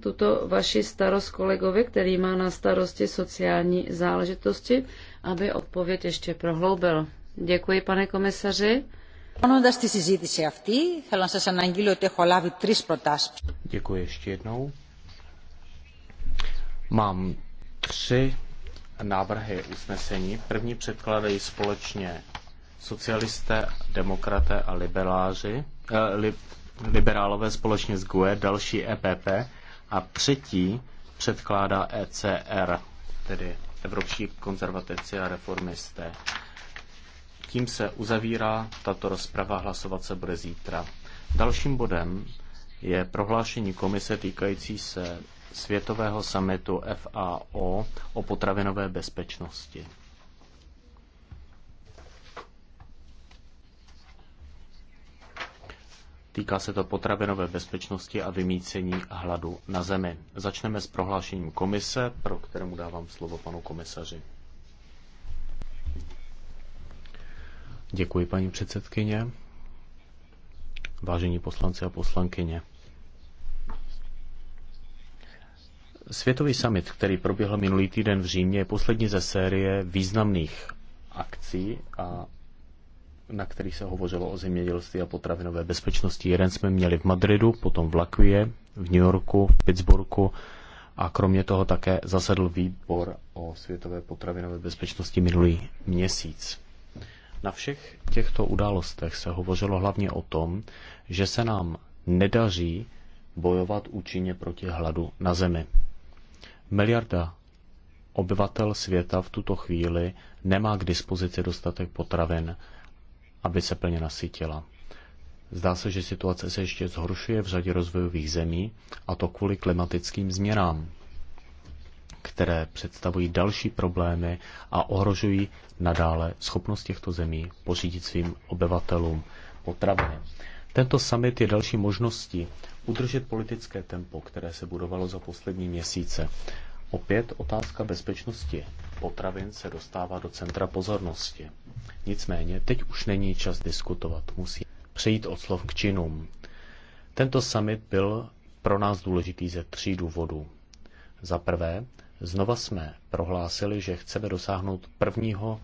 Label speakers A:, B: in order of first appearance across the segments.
A: tuto vaši starost kolegovi, který má na starosti sociální záležitosti, aby odpověď ještě prohloubil. Děkuji, pane komisaři.
B: Děkuji ještě jednou. Mám tři návrhy usnesení. První předkládají společně socialisté, demokraté a liberáři, eh, li, liberálové společně s GUE, další EPP, a třetí předkládá ECR, tedy Evropští konzervativci a reformisté. Tím se uzavírá tato rozprava, hlasovat se bude zítra. Dalším bodem je prohlášení komise týkající se Světového samitu FAO o potravinové bezpečnosti. Týká se to potravinové bezpečnosti a vymícení hladu na zemi. Začneme s prohlášením komise, pro kterému dávám slovo panu komisaři. Děkuji, paní předsedkyně. Vážení poslanci a poslankyně. Světový summit, který proběhl minulý týden v Římě, je poslední ze série významných akcí a na který se hovořilo o zemědělství a potravinové bezpečnosti. Jeden jsme měli v Madridu, potom v Lakvě, v New Yorku, v Pittsburghu a kromě toho také zasedl výbor o světové potravinové bezpečnosti minulý měsíc. Na všech těchto událostech se hovořilo hlavně o tom, že se nám nedaří bojovat účinně proti hladu na zemi. Miliarda obyvatel světa v tuto chvíli nemá k dispozici dostatek potravin aby se plně nasytila. Zdá se, že situace se ještě zhoršuje v řadě rozvojových zemí, a to kvůli klimatickým změnám, které představují další problémy a ohrožují nadále schopnost těchto zemí pořídit svým obyvatelům potraviny. Tento summit je další možností udržet politické tempo, které se budovalo za poslední měsíce. Opět otázka bezpečnosti potravin se dostává do centra pozornosti. Nicméně teď už není čas diskutovat, musí přejít od slov k činům. Tento summit byl pro nás důležitý ze tří důvodů. Za prvé, znova jsme prohlásili, že chceme dosáhnout prvního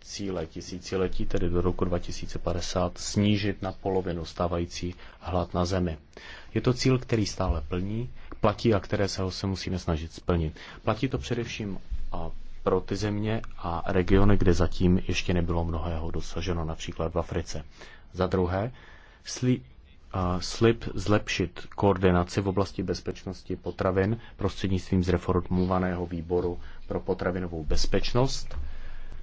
B: cíle tisíciletí, tedy do roku 2050, snížit na polovinu stávající hlad na Zemi. Je to cíl, který stále plní, platí a které se ho se musíme snažit splnit. Platí to především a pro ty země a regiony, kde zatím ještě nebylo mnohého dosaženo, například v Africe. Za druhé, slí, slib zlepšit koordinaci v oblasti bezpečnosti potravin prostřednictvím zreformovaného výboru pro potravinovou bezpečnost,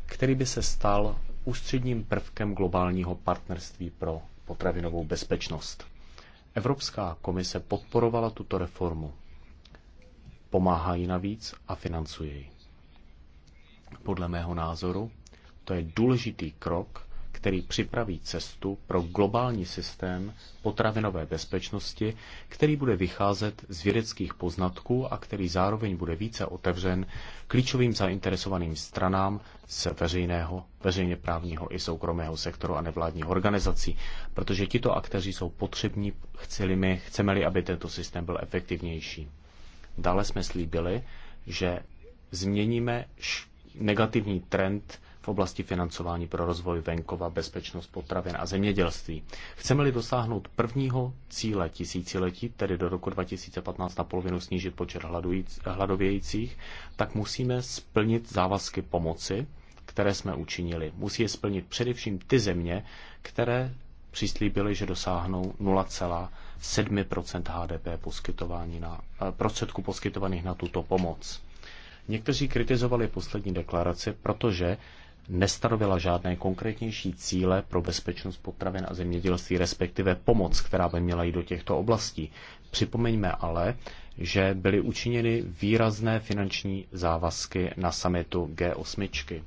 B: který by se stal ústředním prvkem globálního partnerství pro potravinovou bezpečnost. Evropská komise podporovala tuto reformu. Pomáhá ji navíc a financuje ji. Podle mého názoru to je důležitý krok, který připraví cestu pro globální systém potravinové bezpečnosti, který bude vycházet z vědeckých poznatků a který zároveň bude více otevřen klíčovým zainteresovaným stranám z veřejného, veřejně právního i soukromého sektoru a nevládních organizací, protože tito akteři jsou potřební, chceli li chceme-li, aby tento systém byl efektivnější. Dále jsme slíbili, že změníme negativní trend v oblasti financování pro rozvoj venkova, bezpečnost potravin a zemědělství. Chceme-li dosáhnout prvního cíle tisíciletí, tedy do roku 2015 na polovinu snížit počet hladovějících, tak musíme splnit závazky pomoci, které jsme učinili. Musí je splnit především ty země, které přislíbili, že dosáhnou 0,7 HDP poskytování na, eh, prostředku poskytovaných na tuto pomoc. Někteří kritizovali poslední deklaraci, protože nestanovila žádné konkrétnější cíle pro bezpečnost potravin a zemědělství, respektive pomoc, která by měla jít do těchto oblastí. Připomeňme ale, že byly učiněny výrazné finanční závazky na samitu G8.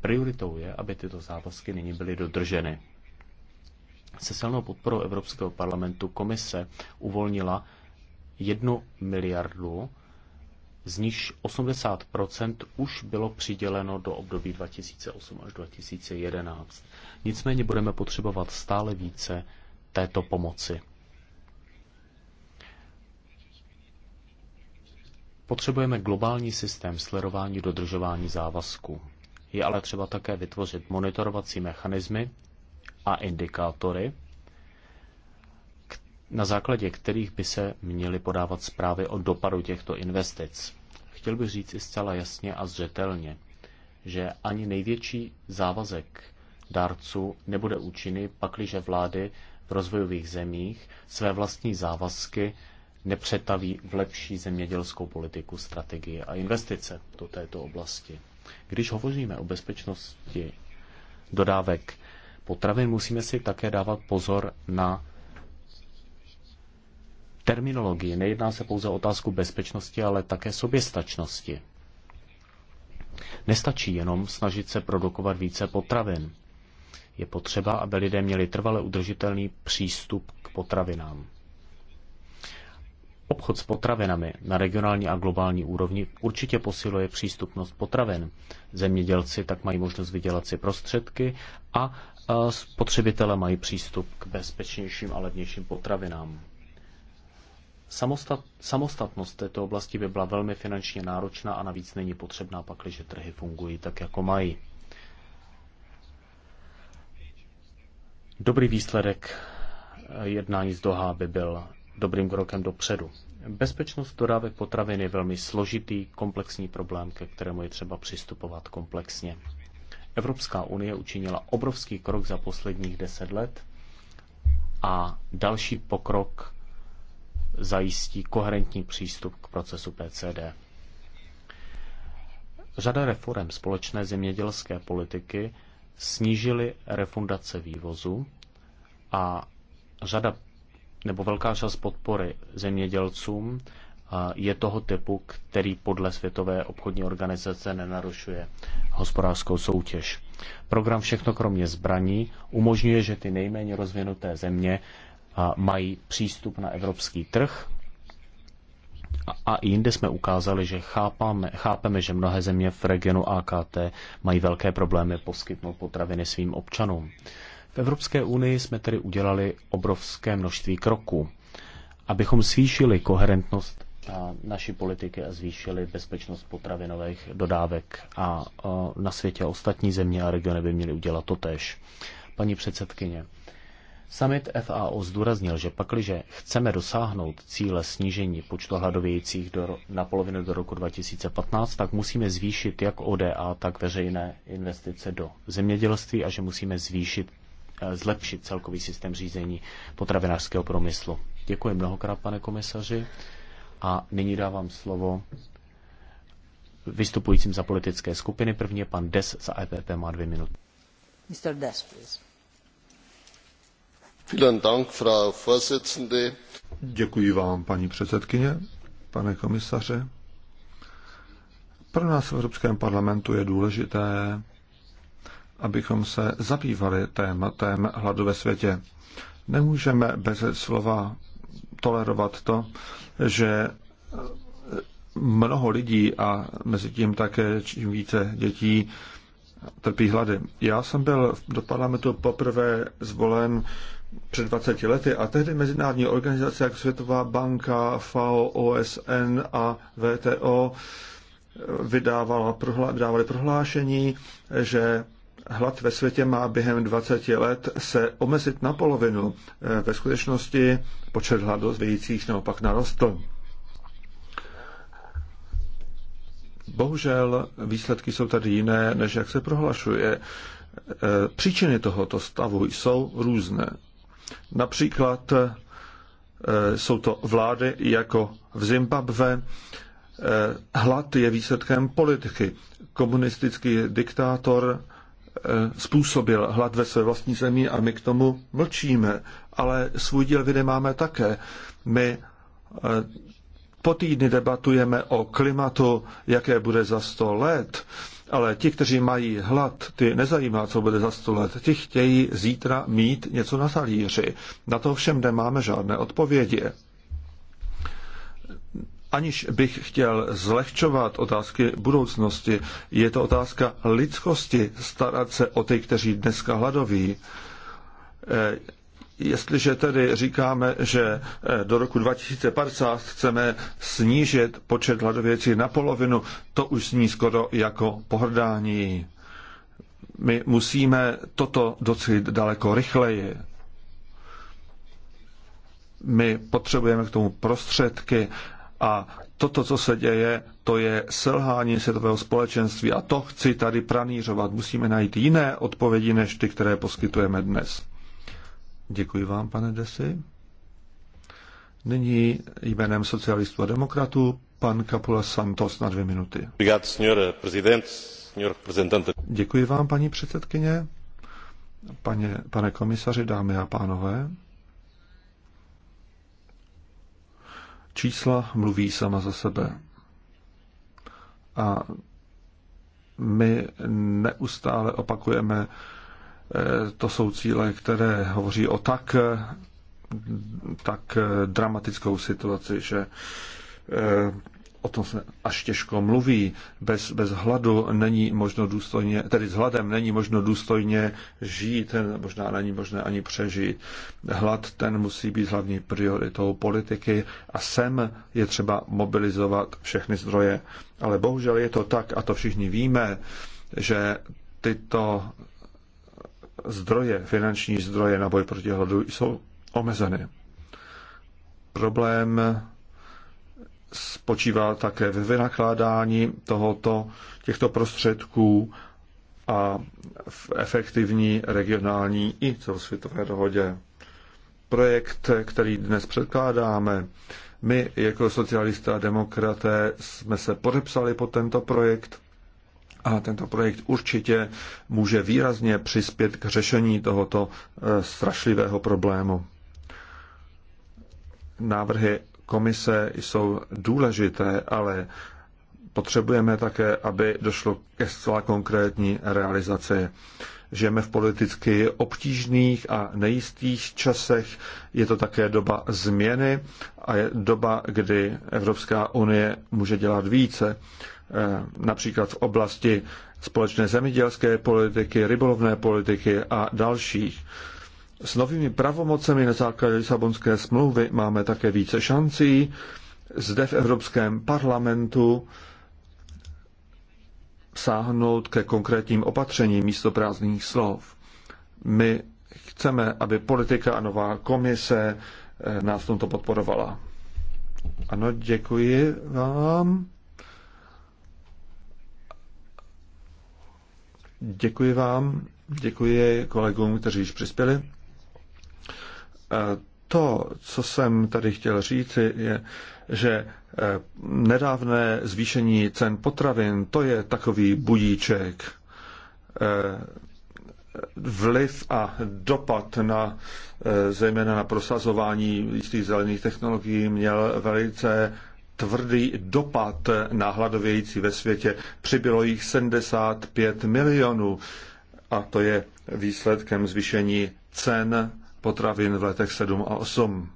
B: Prioritou je, aby tyto závazky nyní byly dodrženy. Se silnou podporou Evropského parlamentu komise uvolnila jednu miliardu z níž 80 už bylo přiděleno do období 2008 až 2011. Nicméně budeme potřebovat stále více této pomoci. Potřebujeme globální systém sledování dodržování závazků. Je ale třeba také vytvořit monitorovací mechanismy a indikátory, na základě kterých by se měly podávat zprávy o dopadu těchto investic chtěl bych říct i zcela jasně a zřetelně, že ani největší závazek dárců nebude účinný, pakliže vlády v rozvojových zemích své vlastní závazky nepřetaví v lepší zemědělskou politiku, strategii a investice do této oblasti. Když hovoříme o bezpečnosti dodávek potravin, musíme si také dávat pozor na terminologii. Nejedná se pouze o otázku bezpečnosti, ale také soběstačnosti. Nestačí jenom snažit se produkovat více potravin. Je potřeba, aby lidé měli trvale udržitelný přístup k potravinám. Obchod s potravinami na regionální a globální úrovni určitě posiluje přístupnost potravin. Zemědělci tak mají možnost vydělat si prostředky a e, spotřebitele mají přístup k bezpečnějším a levnějším potravinám. Samostat, samostatnost této oblasti by byla velmi finančně náročná a navíc není potřebná, pakliže trhy fungují tak, jako mají. Dobrý výsledek jednání z Doha by byl dobrým krokem dopředu. Bezpečnost dodávek potravin je velmi složitý, komplexní problém, ke kterému je třeba přistupovat komplexně. Evropská unie učinila obrovský krok za posledních deset let a další pokrok zajistí koherentní přístup k procesu PCD. Řada reform společné zemědělské politiky snížily refundace vývozu a řada nebo velká část podpory zemědělcům je toho typu, který podle Světové obchodní organizace nenarušuje hospodářskou soutěž. Program Všechno kromě zbraní umožňuje, že ty nejméně rozvinuté země mají přístup na evropský trh. A i jinde jsme ukázali, že chápáme, chápeme, že mnohé země v regionu AKT mají velké problémy poskytnout potraviny svým občanům. V Evropské unii jsme tedy udělali obrovské množství kroků, abychom zvýšili koherentnost naší politiky a zvýšili bezpečnost potravinových dodávek a e, na světě ostatní země a regiony by měly udělat to tež. Paní předsedkyně, Summit FAO zdůraznil, že pakliže chceme dosáhnout cíle snížení počtu hladovějících do, na polovinu do roku 2015, tak musíme zvýšit jak ODA, tak veřejné investice do zemědělství a že musíme zvýšit, eh, zlepšit celkový systém řízení potravinářského promyslu. Děkuji mnohokrát, pane komisaři. A nyní dávám slovo vystupujícím za politické skupiny. První je pan
C: Des za EPP, má dvě minuty.
A: Mr. Des, please.
C: Děkuji vám, paní předsedkyně, pane komisaře. Pro nás v Evropském parlamentu je důležité, abychom se zabývali tématem hladu ve světě. Nemůžeme bez slova tolerovat to, že mnoho lidí a mezi tím také čím více dětí trpí hlady. Já jsem byl do parlamentu poprvé zvolen před 20 lety a tehdy mezinárodní organizace jako Světová banka, FAO, OSN a VTO vydávala, vydávali prohlášení, že hlad ve světě má během 20 let se omezit na polovinu. Eh, ve skutečnosti počet hladů zvějících naopak narostl. Bohužel výsledky jsou tady jiné, než jak se prohlašuje. Eh, příčiny tohoto stavu jsou různé. Například eh, jsou to vlády jako v Zimbabve. Eh, hlad je výsledkem politiky. Komunistický diktátor eh, způsobil hlad ve své vlastní zemi a my k tomu mlčíme. Ale svůj díl viny máme také. My po týdny debatujeme o klimatu, jaké bude za sto let ale ti, kteří mají hlad, ty nezajímá, co bude za sto let. Ti chtějí zítra mít něco na talíři. Na to všem nemáme žádné odpovědi. Aniž bych chtěl zlehčovat otázky budoucnosti, je to otázka lidskosti starat se o ty, kteří dneska hladoví Jestliže tedy říkáme, že eh, do roku 2050 chceme snížit počet hladověcí na polovinu, to už zní skoro jako pohrdání. My musíme toto docit daleko rychleji. My potřebujeme k tomu prostředky a toto, co se děje, to je selhání světového společenství a to chci tady pranířovat. Musíme najít jiné odpovědi než ty, které poskytujeme dnes. Děkuji vám, pane Desi. Nyní jménem socialistů a demokratů pan Kapula Santos na dvě minuty. Děkuji vám, paní předsedkyně, paně, pane komisaři, dámy a pánové. Čísla mluví sama za sebe. A my neustále opakujeme, Eh, to jsou cíle, které hovoří o tak, eh, tak eh, dramatickou situaci, že o tom se až těžko mluví. Bez, bez hladu není možno důstojně, tedy s hladem není možno důstojně žít, možná není možné ani přežít. Hlad ten musí být hlavní prioritou politiky a sem je třeba mobilizovat všechny zdroje. Ale bohužel je to tak, a to všichni víme, že tyto zdroje, finanční zdroje na boj proti hladu jsou omezeny. Problém spočívá také ve vynakládání tohoto, těchto prostředků a v efektivní regionální i celosvětové dohodě. Projekt, který dnes předkládáme, my jako socialisté a demokraté jsme se podepsali pod tento projekt a tento projekt určitě může výrazně přispět k řešení tohoto e, strašlivého problému. Návrhy komise jsou důležité, ale potřebujeme také, aby došlo ke zcela konkrétní realizaci. Žijeme v politicky obtížných a nejistých časech. Je to také doba změny a je doba, kdy Evropská unie může dělat více. Eh, například v oblasti společné zemědělské politiky, rybolovné politiky a dalších. S novými pravomocemi na základě Lisabonské smlouvy máme také více šancí. Zde v Evropském parlamentu sáhnout ke konkrétním opatřením místo prázdných slov. My chceme, aby politika a nová komise eh, nás tomto podporovala. Ano, děkuji vám. Děkuji vám, děkuji kolegům, kteří již přispěli. E, to, co jsem tady chtěl říct, je, že e, nedávné zvýšení cen potravin, to je takový budíček. E, vliv a dopad na, zejména na prosazování jistých zelených technologií měl velice tvrdý dopad na hladovějící ve světě. Přibylo jich 75 milionů a to je výsledkem zvýšení cen potravin v letech 7 a 8.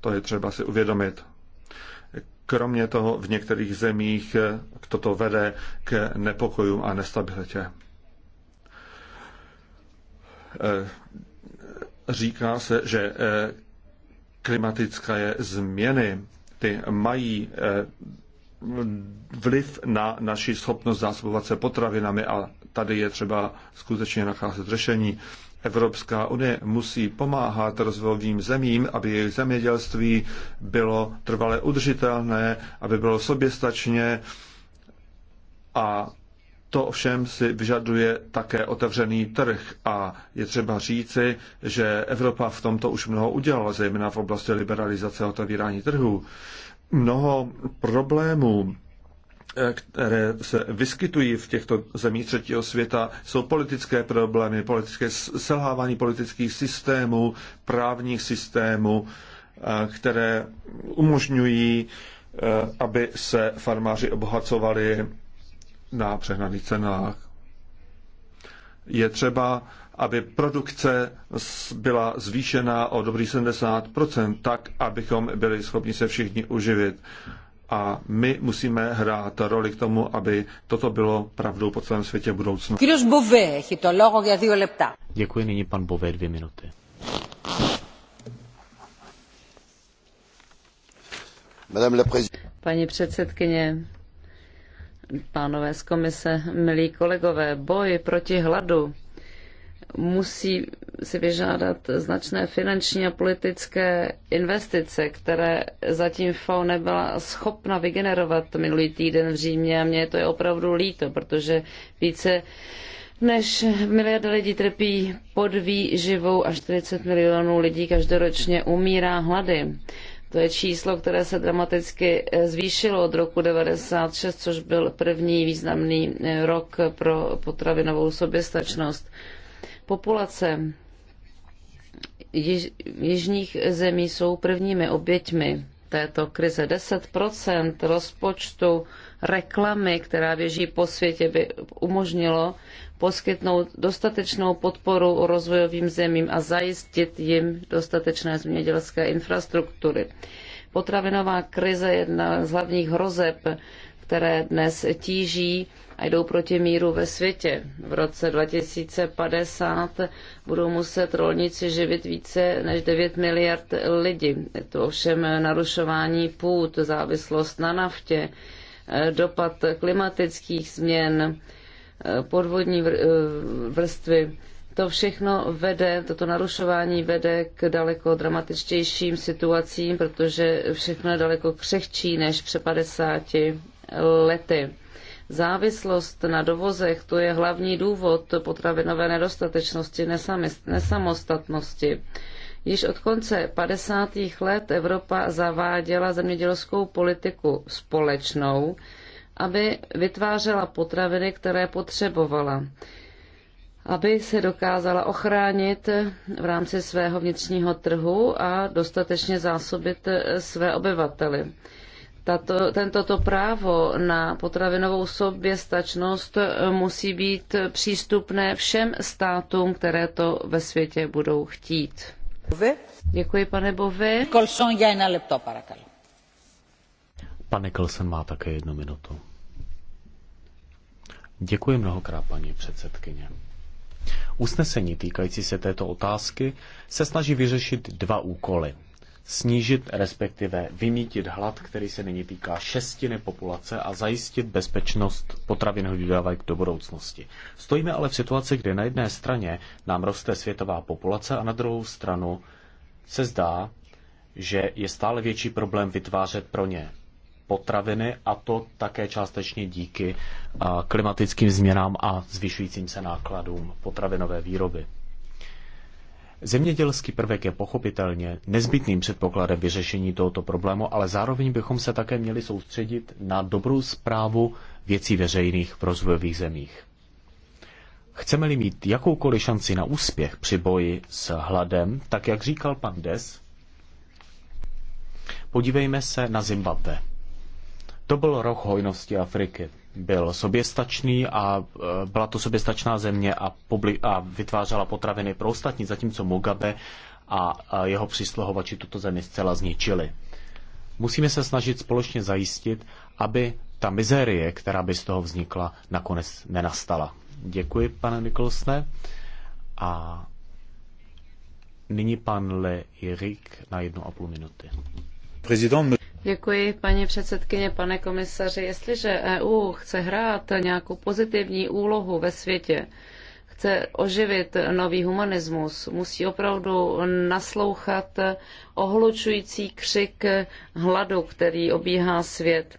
C: To je třeba si uvědomit. Kromě toho v některých zemích toto vede k nepokojům a nestabilitě. Říká se, že klimatické změny ty mají eh, vliv na naši schopnost zásobovat se potravinami a tady je třeba skutečně nacházet řešení. Evropská unie musí pomáhat rozvojovým zemím, aby jejich zemědělství bylo trvale udržitelné, aby bylo soběstačně a to ovšem si vyžaduje také otevřený trh a je třeba říci, že Evropa v tomto už mnoho udělala, zejména v oblasti liberalizace a otevírání trhů. Mnoho problémů, které se vyskytují v těchto zemích třetího světa, jsou politické problémy, politické selhávání politických systémů, právních systémů, eh, které umožňují, eh, aby se farmáři obohacovali na přehnaných cenách. Je třeba, aby produkce byla zvýšena o dobrý 70%, tak, abychom byli schopni se všichni uživit. A my musíme hrát roli k tomu, aby toto bylo pravdou po celém světě budoucnu. Děkuji nyní pan Bové dvě minuty.
A: Paní předsedkyně, pánové z komise, milí kolegové, boj proti hladu musí si vyžádat značné finanční a politické investice, které zatím FAO nebyla schopna vygenerovat minulý týden v Římě a mně to je opravdu líto, protože více než miliardy lidí trpí podvýživou a 40 milionů lidí každoročně umírá hlady. To je číslo, které se dramaticky eh, zvýšilo od roku 96, což byl první významný eh, rok pro potravinovou soběstačnost. Populace jižních zemí jsou prvními oběťmi této krize. 10 rozpočtu reklamy, která běží po světě, by umožnilo poskytnout dostatečnou podporu rozvojovým zemím a zajistit jim dostatečné zemědělské infrastruktury. Potravinová krize je jedna z hlavních hrozeb, které dnes tíží a jdou proti míru ve světě. V roce 2050 budou muset rolníci živit více než 9 miliard lidí. Je to ovšem narušování půd, závislost na naftě, eh, dopad klimatických změn, eh, podvodní eh, vrstvy. To všechno vede, toto narušování vede k daleko dramatičtějším situacím, protože všechno je daleko křehčí než před 50 lety Závislost na dovozech, to je hlavní důvod potravinové nedostatečnosti, nesamostatnosti. Již od konce 50. let Evropa zaváděla zemědělskou politiku společnou, aby vytvářela potraviny, které potřebovala, aby se dokázala ochránit v rámci svého vnitřního trhu a dostatečně zásobit své obyvatele. Tato, tento právo na potravinovou soběstačnost musí být přístupné všem státům, které to ve světě budou chtít. Děkuji, pane Bove. Kolson, já na lepto, parakal.
B: Pan Nicholson má také jednu minutu. Děkuji mnohokrát, paní předsedkyně. Usnesení týkající se této otázky se snaží vyřešit dva úkoly snížit, respektive vymítit hlad, který se nyní týká šestiny populace a zajistit bezpečnost potravinových dodávek do budoucnosti. Stojíme ale v situaci, kdy na jedné straně nám roste světová populace a na druhou stranu se zdá, že je stále větší problém vytvářet pro ně potraviny a to také částečně díky klimatickým změnám a zvyšujícím se nákladům potravinové výroby. Zemědělský prvek je pochopitelně nezbytným předpokladem vyřešení tohoto problému, ale zároveň bychom se také měli soustředit na dobrou zprávu věcí veřejných v rozvojových zemích. Chceme-li mít jakoukoliv šanci na úspěch při boji s hladem, tak jak říkal pan Des, podívejme se na Zimbabwe. To byl roh hojnosti Afriky byl soběstačný a e, byla to soběstačná země a, publi- a vytvářela potraviny pro ostatní, zatímco Mugabe a e, jeho přísluhovači tuto zemi zcela zničili. Musíme se snažit společně zajistit, aby ta mizérie, která by z toho vznikla, nakonec nenastala. Děkuji, pane Nikolsne. A nyní pan Le Jirik na jednu a půl minuty. Prezident...
A: Děkuji, paní předsedkyně, pane komisaři. Jestliže EU chce hrát nějakou pozitivní úlohu ve světě, chce oživit nový humanismus, musí opravdu naslouchat ohlučující křik hladu, který obíhá svět.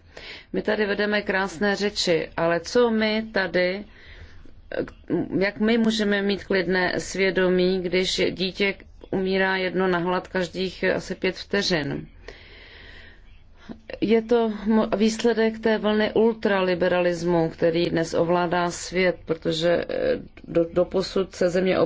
A: My tady vedeme krásné řeči, ale co my tady jak my můžeme mít klidné svědomí, když dítě umírá jedno na hlad každých asi pět vteřin. Je to výsledek té vlny ultraliberalismu, který dnes ovládá svět, protože eh, do, doposud se země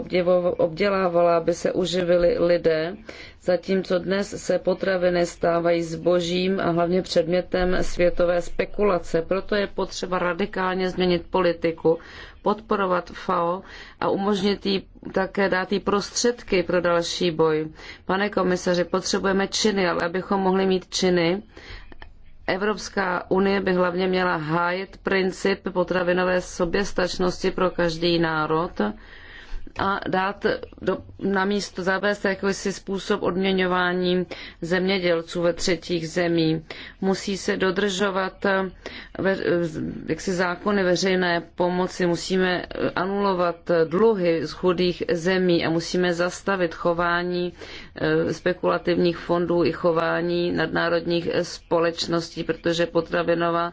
A: obdělávala, aby se uživili lidé, zatímco dnes se potraviny stávají zbožím a hlavně předmětem světové spekulace. Proto je potřeba radikálně změnit politiku podporovat FAO a umožnit jí také dát jí prostředky pro další boj. Pane komisaři, potřebujeme činy, ale abychom mohli mít činy, Evropská unie by hlavně měla hájit princip potravinové soběstačnosti pro každý národ, a dát do, na místo zavést jakýsi způsob odměňování zemědělců ve třetích zemí. Musí se dodržovat eh, ve, eh, jaksi zákony veřejné pomoci, musíme eh, anulovat dluhy z chudých zemí a musíme zastavit chování spekulativních fondů i chování nadnárodních společností, protože potravinová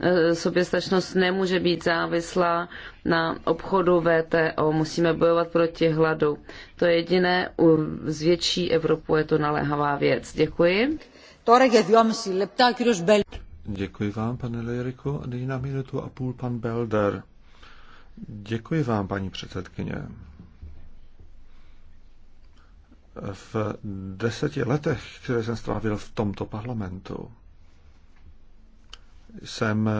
A: Eh, soběstačnost nemůže být závislá na obchodu VTO. Musíme bojovat proti hladu. To je jediné, z větší Evropu je to naléhavá věc. Děkuji.
C: Děkuji vám, pane Lejriku. A nyní na minutu a půl pan Belder. Děkuji vám, paní předsedkyně. V deseti letech, které jsem strávil v tomto parlamentu, jsem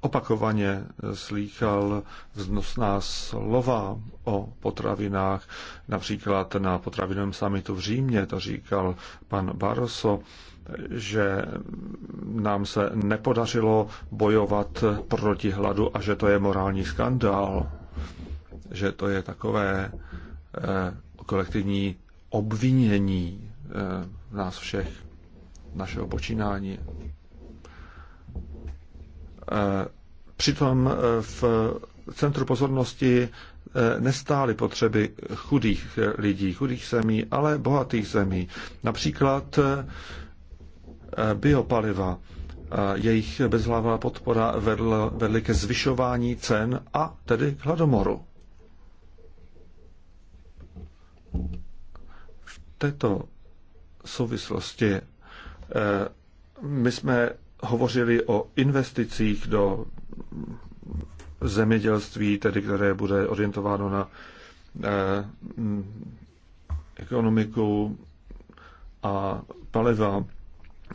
C: opakovaně slýchal vznosná slova o potravinách. Například na potravinovém samitu v Římě to říkal pan Barroso, že nám se nepodařilo bojovat proti hladu a že to je morální skandál, že to je takové eh, kolektivní obvinění eh, nás všech, našeho počínání. Eh, přitom eh, v centru pozornosti eh, nestály potřeby chudých lidí, chudých zemí, ale bohatých zemí. Například biopaliva, jejich bezhlavá podpora vedly ke zvyšování cen a tedy k hladomoru. V této souvislosti my jsme hovořili o investicích do zemědělství, tedy které bude orientováno na eh, mm, ekonomiku a paliva.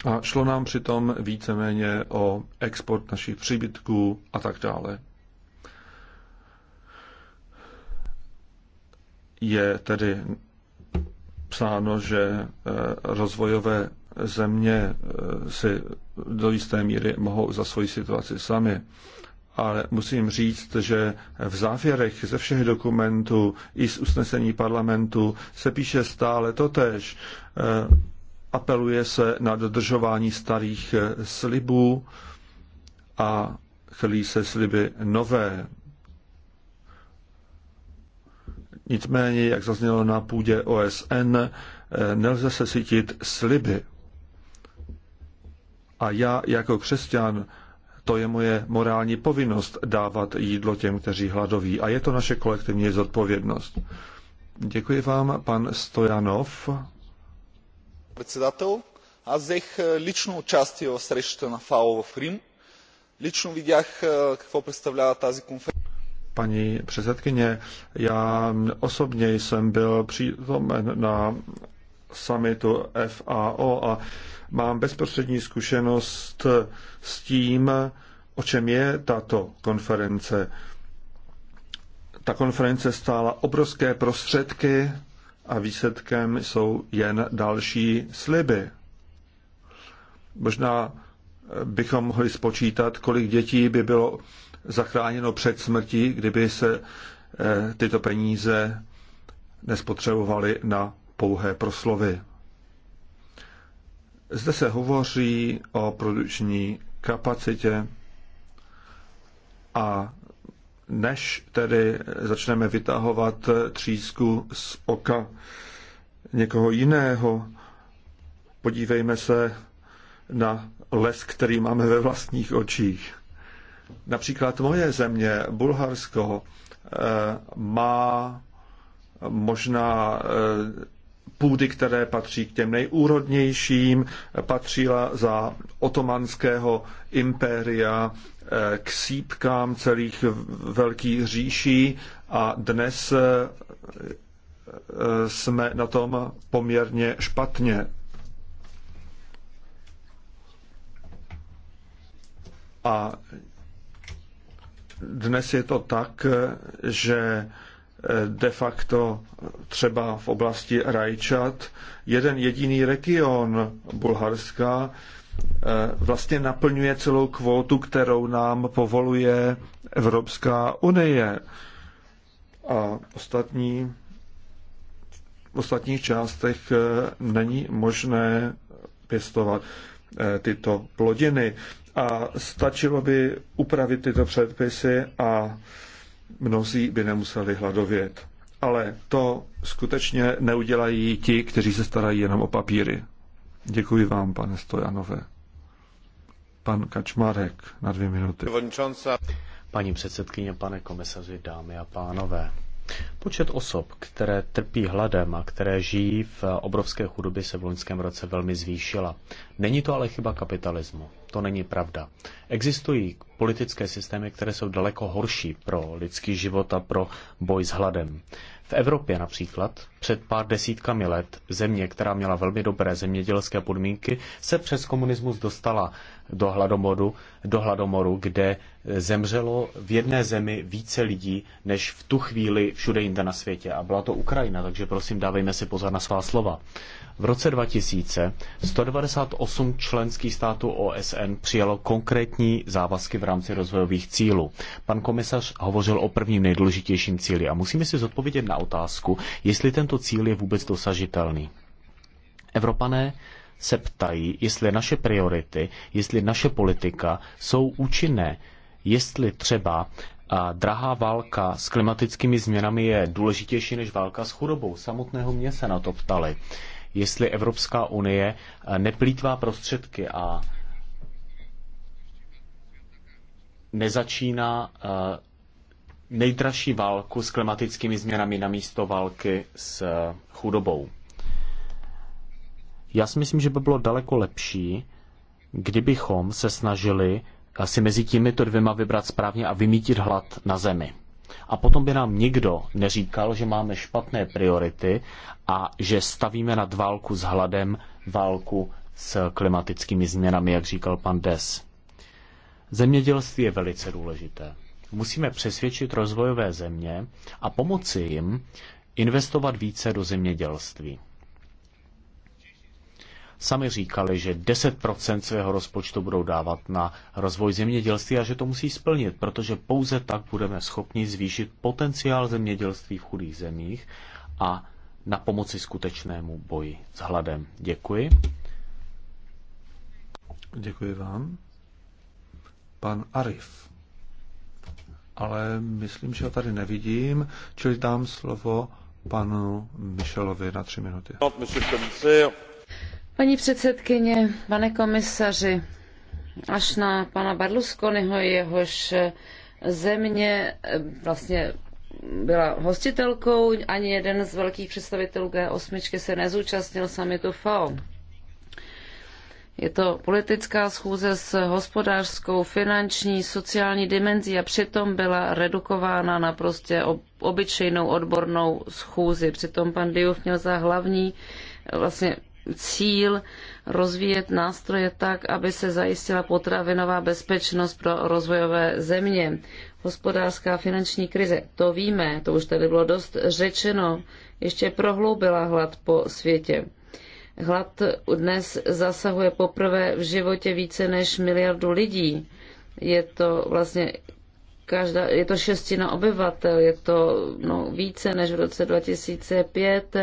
C: A šlo nám přitom víceméně o export našich příbytků a tak dále. Je tedy psáno, že eh, rozvojové země eh, si do jisté míry mohou za svoji situaci sami. Ale musím říct, že v závěrech ze všech dokumentů i z usnesení parlamentu se píše stále totež. Eh, apeluje se na dodržování starých eh, slibů a chlí se sliby nové. Nicméně, jak zaznělo na půdě OSN, nelze se cítit sliby. A já jako křesťan, to je moje morální povinnost dávat jídlo těm, kteří hladoví. A je to naše kolektivní zodpovědnost. Děkuji vám, pan Stojanov. Předsedatel, a взех лично участие в срещата na FAO v Рим. Ličnou видях eh, какво представлява тази конференция paní předsedkyně. Já osobně jsem byl přítomen na summitu FAO a mám bezprostřední zkušenost s tím, o čem je tato konference. Ta konference stála obrovské prostředky a výsledkem jsou jen další sliby. Možná bychom mohli spočítat, kolik dětí by bylo zachráněno před smrtí, kdyby se eh, tyto peníze nespotřebovaly na pouhé proslovy. Zde se hovoří o produkční kapacitě a než tedy začneme vytahovat třísku z oka někoho jiného, podívejme se na les, který máme ve vlastních očích. Například moje země, Bulharsko, eh, má možná eh, půdy, které patří k těm nejúrodnějším, patřila za otomanského impéria eh, k sípkám celých velkých říší a dnes eh, eh, jsme na tom poměrně špatně. A dnes je to tak, že de facto třeba v oblasti Rajčat jeden jediný region Bulharska eh, vlastně naplňuje celou kvótu, kterou nám povoluje Evropská unie. A ostatní, v ostatních částech eh, není možné pěstovat eh, tyto plodiny. A stačilo by upravit tyto předpisy a mnozí by nemuseli hladovět. Ale to skutečně neudělají ti, kteří se starají jenom o papíry. Děkuji vám, pane Stojanové. Pan Kačmarek na dvě minuty.
B: Paní předsedkyně, pane komisaři, dámy a pánové. Počet osob, které trpí hladem a které žijí v obrovské chudobě, se v loňském roce velmi zvýšila. Není to ale chyba kapitalismu. To není pravda. Existují politické systémy, které jsou daleko horší pro lidský život a pro boj s hladem. V Evropě například před pár desítkami let země, která měla velmi dobré zemědělské podmínky, se přes komunismus dostala do hladomoru, do hladomoru, kde zemřelo v jedné zemi více lidí, než v tu chvíli všude jinde na světě. A byla to Ukrajina, takže prosím dávejme si pozor na svá slova. V roce 2000 198 členských států OSN přijalo konkrétní závazky v rámci rozvojových cílů. Pan komisař hovořil o prvním nejdůležitějším cíli a musíme si zodpovědět na otázku, jestli tento cíl je vůbec dosažitelný. Evropané se ptají, jestli naše priority, jestli naše politika jsou účinné, jestli třeba a drahá válka s klimatickými změnami je důležitější než válka s chudobou. Samotného mě se na to ptali jestli Evropská unie eh, neplýtvá prostředky a nezačíná eh, nejdražší válku s klimatickými změnami na místo války s eh, chudobou. Já si myslím, že by bylo daleko lepší, kdybychom se snažili si mezi těmito dvěma vybrat správně a vymítit hlad na zemi a potom by nám nikdo neříkal, že máme špatné priority a že stavíme nad válku s hladem válku s klimatickými změnami, jak říkal pan Des. Zemědělství je velice důležité. Musíme přesvědčit rozvojové země a pomoci jim investovat více do zemědělství sami říkali, že 10% svého rozpočtu budou dávat na rozvoj zemědělství a že to musí splnit, protože pouze tak budeme schopni zvýšit potenciál zemědělství v chudých zemích a na pomoci skutečnému boji s hladem.
C: Děkuji. Děkuji vám. Pan Arif. Ale myslím, že ho tady nevidím, čili dám slovo panu Michelovi na tři minuty.
A: Paní předsedkyně, pane komisaři, až na pana Barlusconiho, jehož země eh, vlastně byla hostitelkou, ani jeden z velkých představitelů G8 se nezúčastnil samitu FAO. Je to politická schůze s hospodářskou, finanční, sociální dimenzí a přitom byla redukována na prostě obyčejnou odbornou schůzi. Přitom pan Diouf měl za hlavní eh, vlastně cíl rozvíjet nástroje tak, aby se zajistila potravinová bezpečnost pro rozvojové země. Hospodářská finanční krize, to víme, to už tady bylo dost řečeno, ještě prohloubila hlad po světě. Hlad dnes zasahuje poprvé v životě více než miliardu lidí. Je to vlastně každá, je to šestina obyvatel, je to no, více než v roce 2005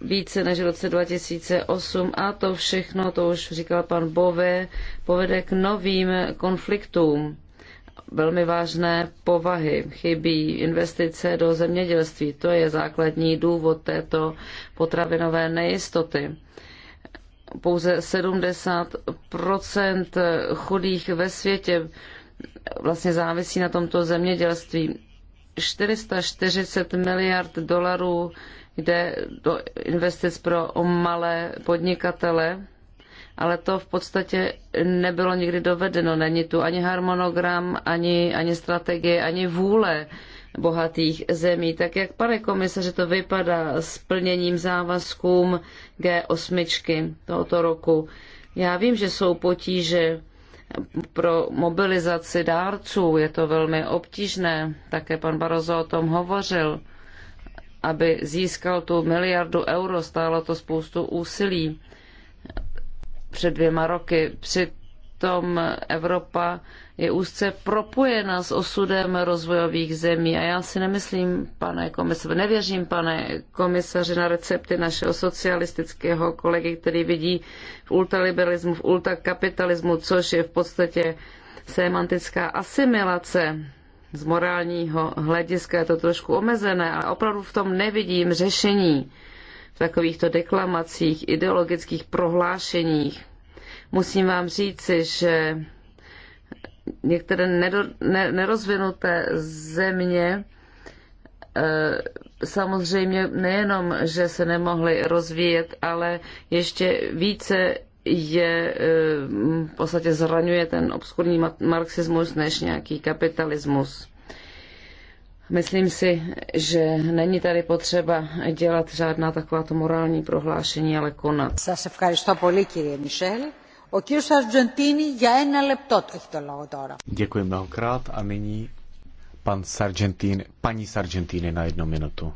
A: více než v roce 2008 a to všechno, to už říkal pan Bove, povede k novým konfliktům velmi vážné povahy. Chybí investice do zemědělství. To je základní důvod této potravinové nejistoty. Pouze 70 chudých ve světě vlastně závisí na tomto zemědělství. 440 miliard dolarů jde do investic pro malé podnikatele, ale to v podstatě nebylo nikdy dovedeno. Není tu ani harmonogram, ani, ani strategie, ani vůle bohatých zemí. Tak jak, pane komisaři, to vypadá s plněním závazkům G8 tohoto roku? Já vím, že jsou potíže pro mobilizaci dárců, je to velmi obtížné, také pan Barozo o tom hovořil aby získal tu miliardu euro. Stálo to spoustu úsilí před dvěma roky. Přitom Evropa je úzce propojena s osudem rozvojových zemí. A já si nemyslím, pane komisaři, nevěřím, pane komisaři, na recepty našeho socialistického kolegy, který vidí v ultraliberalismu, v ultrakapitalismu, což je v podstatě semantická asimilace z morálního hlediska je to trošku omezené, ale opravdu v tom nevidím řešení v takovýchto deklamacích, ideologických prohlášeních. Musím vám říci, že některé nedo, ne, nerozvinuté země eh, samozřejmě nejenom, že se nemohly rozvíjet, ale ještě více je eh, v podstatě zraňuje ten obskurní marxismus než nějaký kapitalismus. Myslím si, že není tady potřeba dělat žádná takováto morální prohlášení, ale konat.
B: Děkuji mnohokrát a nyní pan Sargentín, paní Sargentini na jednu minutu.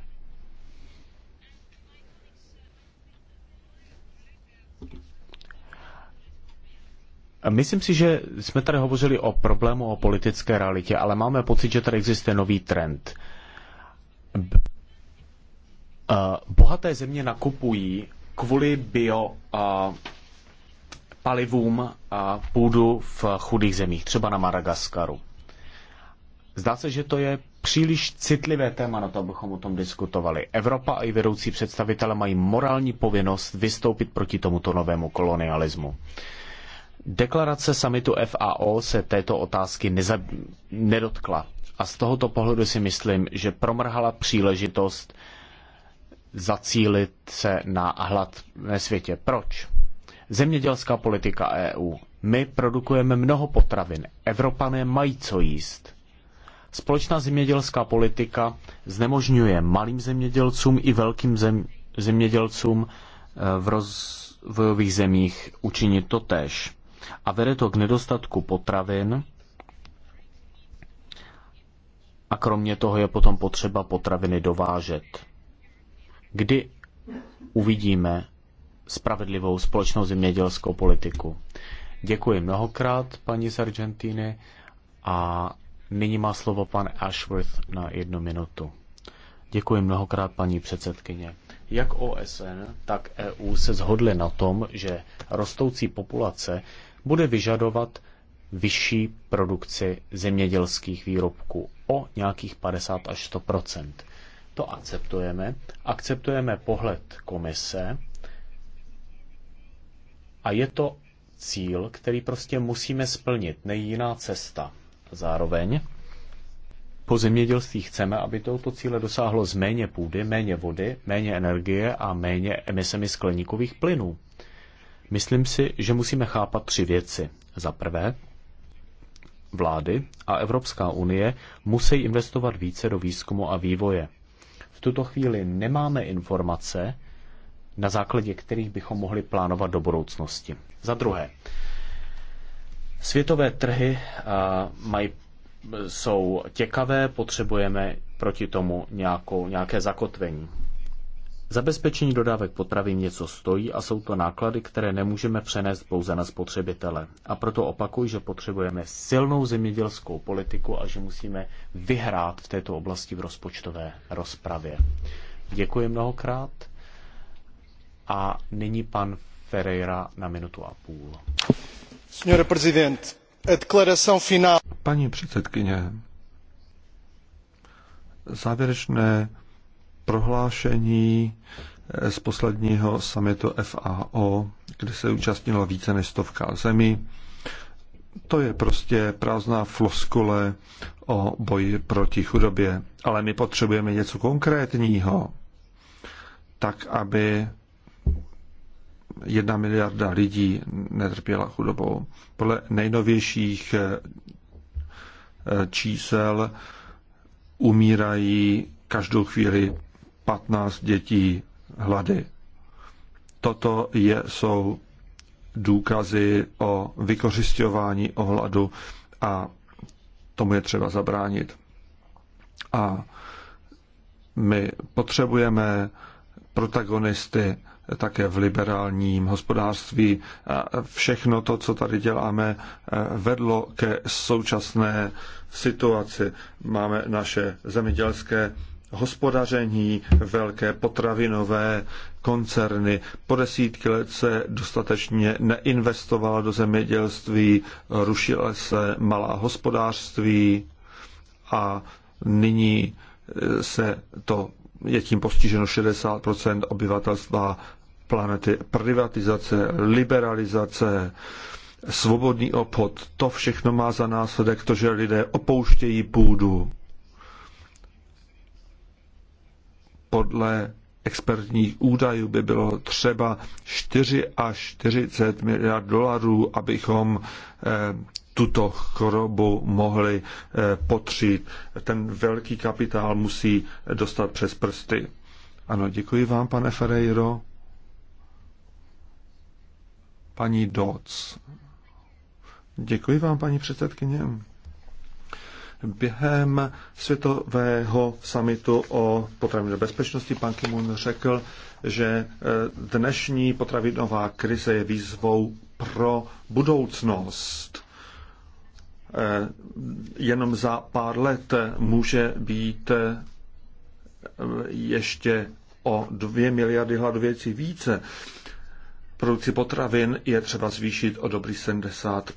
B: Myslím si, že jsme tady hovořili o problému, o politické realitě, ale máme pocit, že tady existuje nový trend. Bohaté země nakupují kvůli bio palivům půdu v chudých zemích, třeba na Madagaskaru. Zdá se, že to je příliš citlivé téma na to, abychom o tom diskutovali. Evropa a i vedoucí představitelé mají morální povinnost vystoupit proti tomuto novému kolonialismu. Deklarace samitu FAO se této otázky neza, nedotkla. A z tohoto pohledu si myslím, že promrhala příležitost zacílit se na hlad ve světě. Proč? Zemědělská politika EU. My produkujeme mnoho potravin. Evropané mají co jíst. Společná zemědělská politika znemožňuje malým zemědělcům i velkým zem, zemědělcům eh, v rozvojových zemích učinit to a vede to k nedostatku potravin. A kromě toho je potom potřeba potraviny dovážet. Kdy uvidíme spravedlivou společnou zemědělskou politiku? Děkuji mnohokrát, paní z Argentíny, a nyní má slovo pan Ashworth na jednu minutu. Děkuji mnohokrát, paní předsedkyně. Jak OSN, tak EU se shodly na tom, že rostoucí populace bude vyžadovat vyšší produkci zemědělských výrobků o nějakých 50 až 100 To akceptujeme. Akceptujeme pohled komise a je to cíl, který prostě musíme splnit. Není jiná cesta. Zároveň po zemědělství chceme, aby tohoto cíle dosáhlo z méně půdy, méně vody, méně energie a méně emisemi skleníkových plynů. Myslím si, že musíme chápat tři věci. Za prvé, vlády a Evropská unie musí investovat více do výzkumu a vývoje. V tuto chvíli nemáme informace, na základě kterých bychom mohli plánovat do budoucnosti. Za druhé, světové trhy mají, jsou těkavé, potřebujeme proti tomu nějakou, nějaké zakotvení. Zabezpečení dodávek potravin něco stojí a jsou to náklady, které nemůžeme přenést pouze na spotřebitele. A proto opakuji, že potřebujeme silnou zemědělskou politiku a že musíme vyhrát v této oblasti v rozpočtové rozpravě. Děkuji mnohokrát a nyní pan Ferreira na minutu a půl.
C: a final... Paní předsedkyně, závěrečné prohlášení eh, z posledního samitu FAO, kde se účastnilo více než stovka zemí. To je prostě prázdná floskule o boji proti chudobě. Ale my potřebujeme něco konkrétního, tak aby jedna miliarda lidí netrpěla chudobou. Podle nejnovějších eh, eh, čísel umírají každou chvíli 15 dětí hlady. Toto je, jsou důkazy o vykořišťování ohladu a tomu je třeba zabránit. A my potřebujeme protagonisty také v liberálním hospodářství. Všechno to, co tady děláme, vedlo ke současné situaci. Máme naše zemědělské hospodaření, velké potravinové koncerny. Po desítky let se dostatečně neinvestovalo do zemědělství, rušila se malá hospodářství a nyní eh, se to je tím postiženo 60 obyvatelstva planety. Privatizace, liberalizace, svobodný obchod, to všechno má za následek to, že lidé opouštějí půdu podle expertních údajů by bylo třeba 4 až 40 miliard dolarů, abychom eh, tuto chorobu mohli eh, potřít. Ten velký kapitál musí dostat přes prsty. Ano, děkuji vám, pane Ferreiro. Paní Doc. Děkuji vám, paní předsedkyně. Během světového samitu o potravinové bezpečnosti pan Kimun řekl, že eh, dnešní potravinová krize je výzvou pro budoucnost. Eh, jenom za pár let může být eh, ještě o dvě miliardy hladověcí více produkci potravin je třeba zvýšit o dobrý 70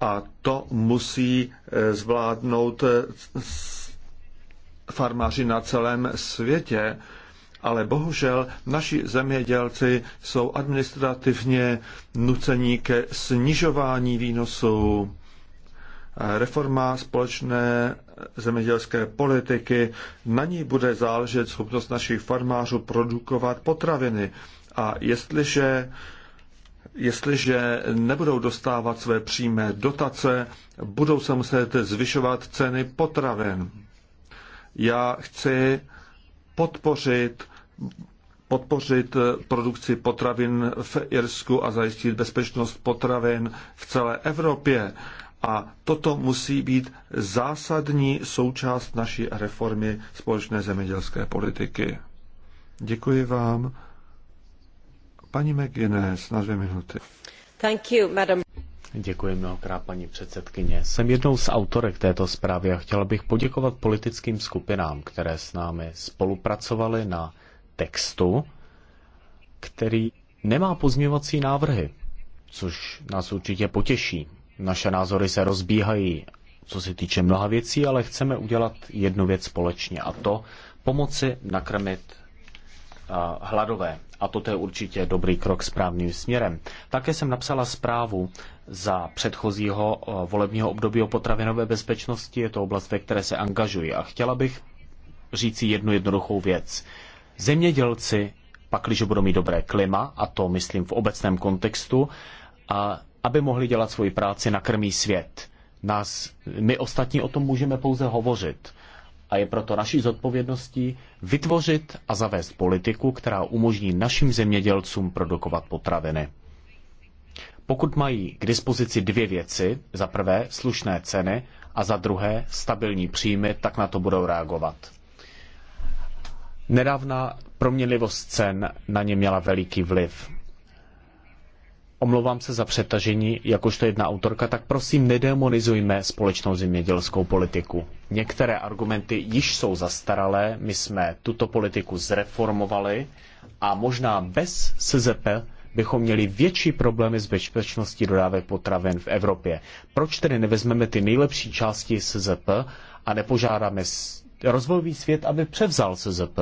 C: a to musí eh, zvládnout eh, farmáři na celém světě. Ale bohužel naši zemědělci jsou administrativně nuceni ke snižování výnosů. Eh, reforma společné zemědělské politiky, na ní bude záležet schopnost našich farmářů produkovat potraviny. A jestliže, jestliže nebudou dostávat své přímé dotace, budou se muset zvyšovat ceny potravin. Já chci podpořit podpořit produkci potravin v Irsku a zajistit bezpečnost potravin v celé Evropě. A toto musí být zásadní součást naší reformy společné zemědělské politiky. Děkuji vám. Paní McGuinness na dvě minuty.
A: Thank you, madam.
C: Děkuji mnohokrát, paní předsedkyně.
B: Jsem jednou z autorek této zprávy a chtěla bych poděkovat politickým skupinám, které s námi spolupracovaly na textu, který nemá pozměvací návrhy, což nás určitě potěší. Naše názory se rozbíhají, co se týče mnoha věcí, ale chceme udělat jednu věc společně a to pomoci nakrmit hladové. A toto je určitě dobrý krok správným směrem. Také jsem napsala zprávu za předchozího eh, volebního období o potravinové bezpečnosti. Je to oblast, ve které se angažuji. A chtěla bych říci jednu jednoduchou věc. Zemědělci, pakliže budou mít dobré klima, a to myslím v obecném kontextu, a aby mohli dělat svoji práci, nakrmí svět. Nás, my ostatní o tom můžeme pouze hovořit a je proto naší zodpovědností vytvořit a zavést politiku, která umožní našim zemědělcům produkovat potraviny. Pokud mají k dispozici dvě věci, za prvé slušné ceny a za druhé stabilní příjmy, tak na to budou reagovat. Nedávná proměnlivost cen na ně měla veliký vliv. Omlouvám se za přetažení, jakožto jedna autorka, tak prosím nedemonizujme společnou zemědělskou politiku. Některé argumenty již jsou zastaralé, my jsme tuto politiku zreformovali a možná bez SZP bychom měli větší problémy s bezpečností dodávek potravin v Evropě. Proč tedy nevezmeme ty nejlepší části SZP a nepožádáme rozvojový svět, aby převzal SZP?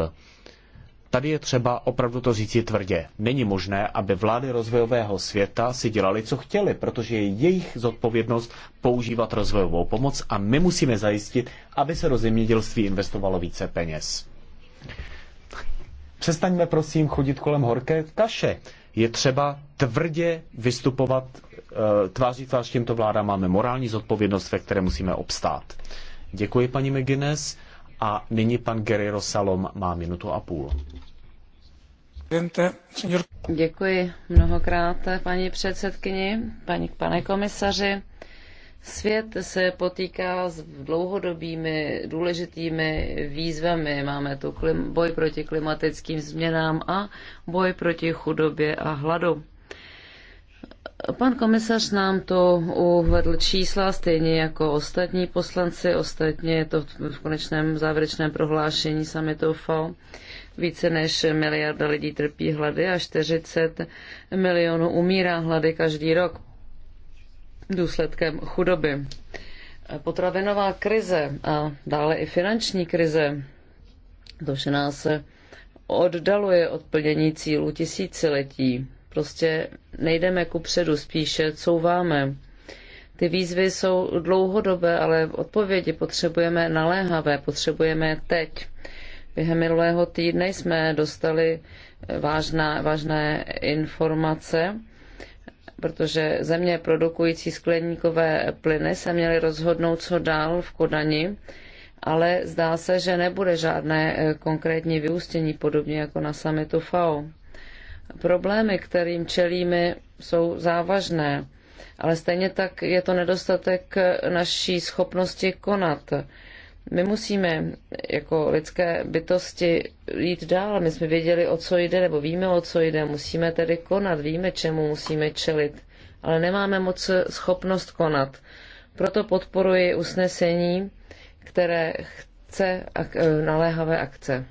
B: Tady je třeba opravdu to říci tvrdě. Není možné, aby vlády rozvojového světa si dělali, co chtěli, protože je jejich zodpovědnost používat rozvojovou pomoc a my musíme zajistit, aby se do zemědělství investovalo více peněz. Přestaňme prosím chodit kolem horké kaše. Je třeba tvrdě vystupovat eh, tváří tvář těmto vládám. Máme morální zodpovědnost, ve které musíme obstát. Děkuji paní McGuinness. A nyní pan Guerrero Salom má minutu a půl.
A: Děkuji mnohokrát, paní předsedkyni, paní, pane komisaři. Svět se potýká s dlouhodobými důležitými výzvami. Máme tu boj proti klimatickým změnám a boj proti chudobě a hladu. Pan komisař nám to uvedl čísla, stejně jako ostatní poslanci, ostatně je to v konečném závěrečném prohlášení summitu FAO. Více než miliarda lidí trpí hlady a 40 milionů umírá hlady každý rok důsledkem chudoby. Potravinová krize a dále i finanční krize, to vše nás oddaluje od plnění cílů tisíciletí. Prostě nejdeme ku předu, spíše couváme. Ty výzvy jsou dlouhodobé, ale v odpovědi potřebujeme naléhavé, potřebujeme teď. Během minulého týdne jsme dostali vážná, vážné informace, protože země produkující skleníkové plyny se měly rozhodnout, co dál v Kodani, ale zdá se, že nebude žádné konkrétní vyústění, podobně jako na samitu FAO. Problémy, kterým čelíme, jsou závažné, ale stejně tak je to nedostatek naší schopnosti konat. My musíme jako lidské bytosti jít dál. My jsme věděli, o co jde, nebo víme, o co jde. Musíme tedy konat, víme, čemu musíme čelit, ale nemáme moc schopnost konat. Proto podporuji usnesení, které chce naléhavé akce.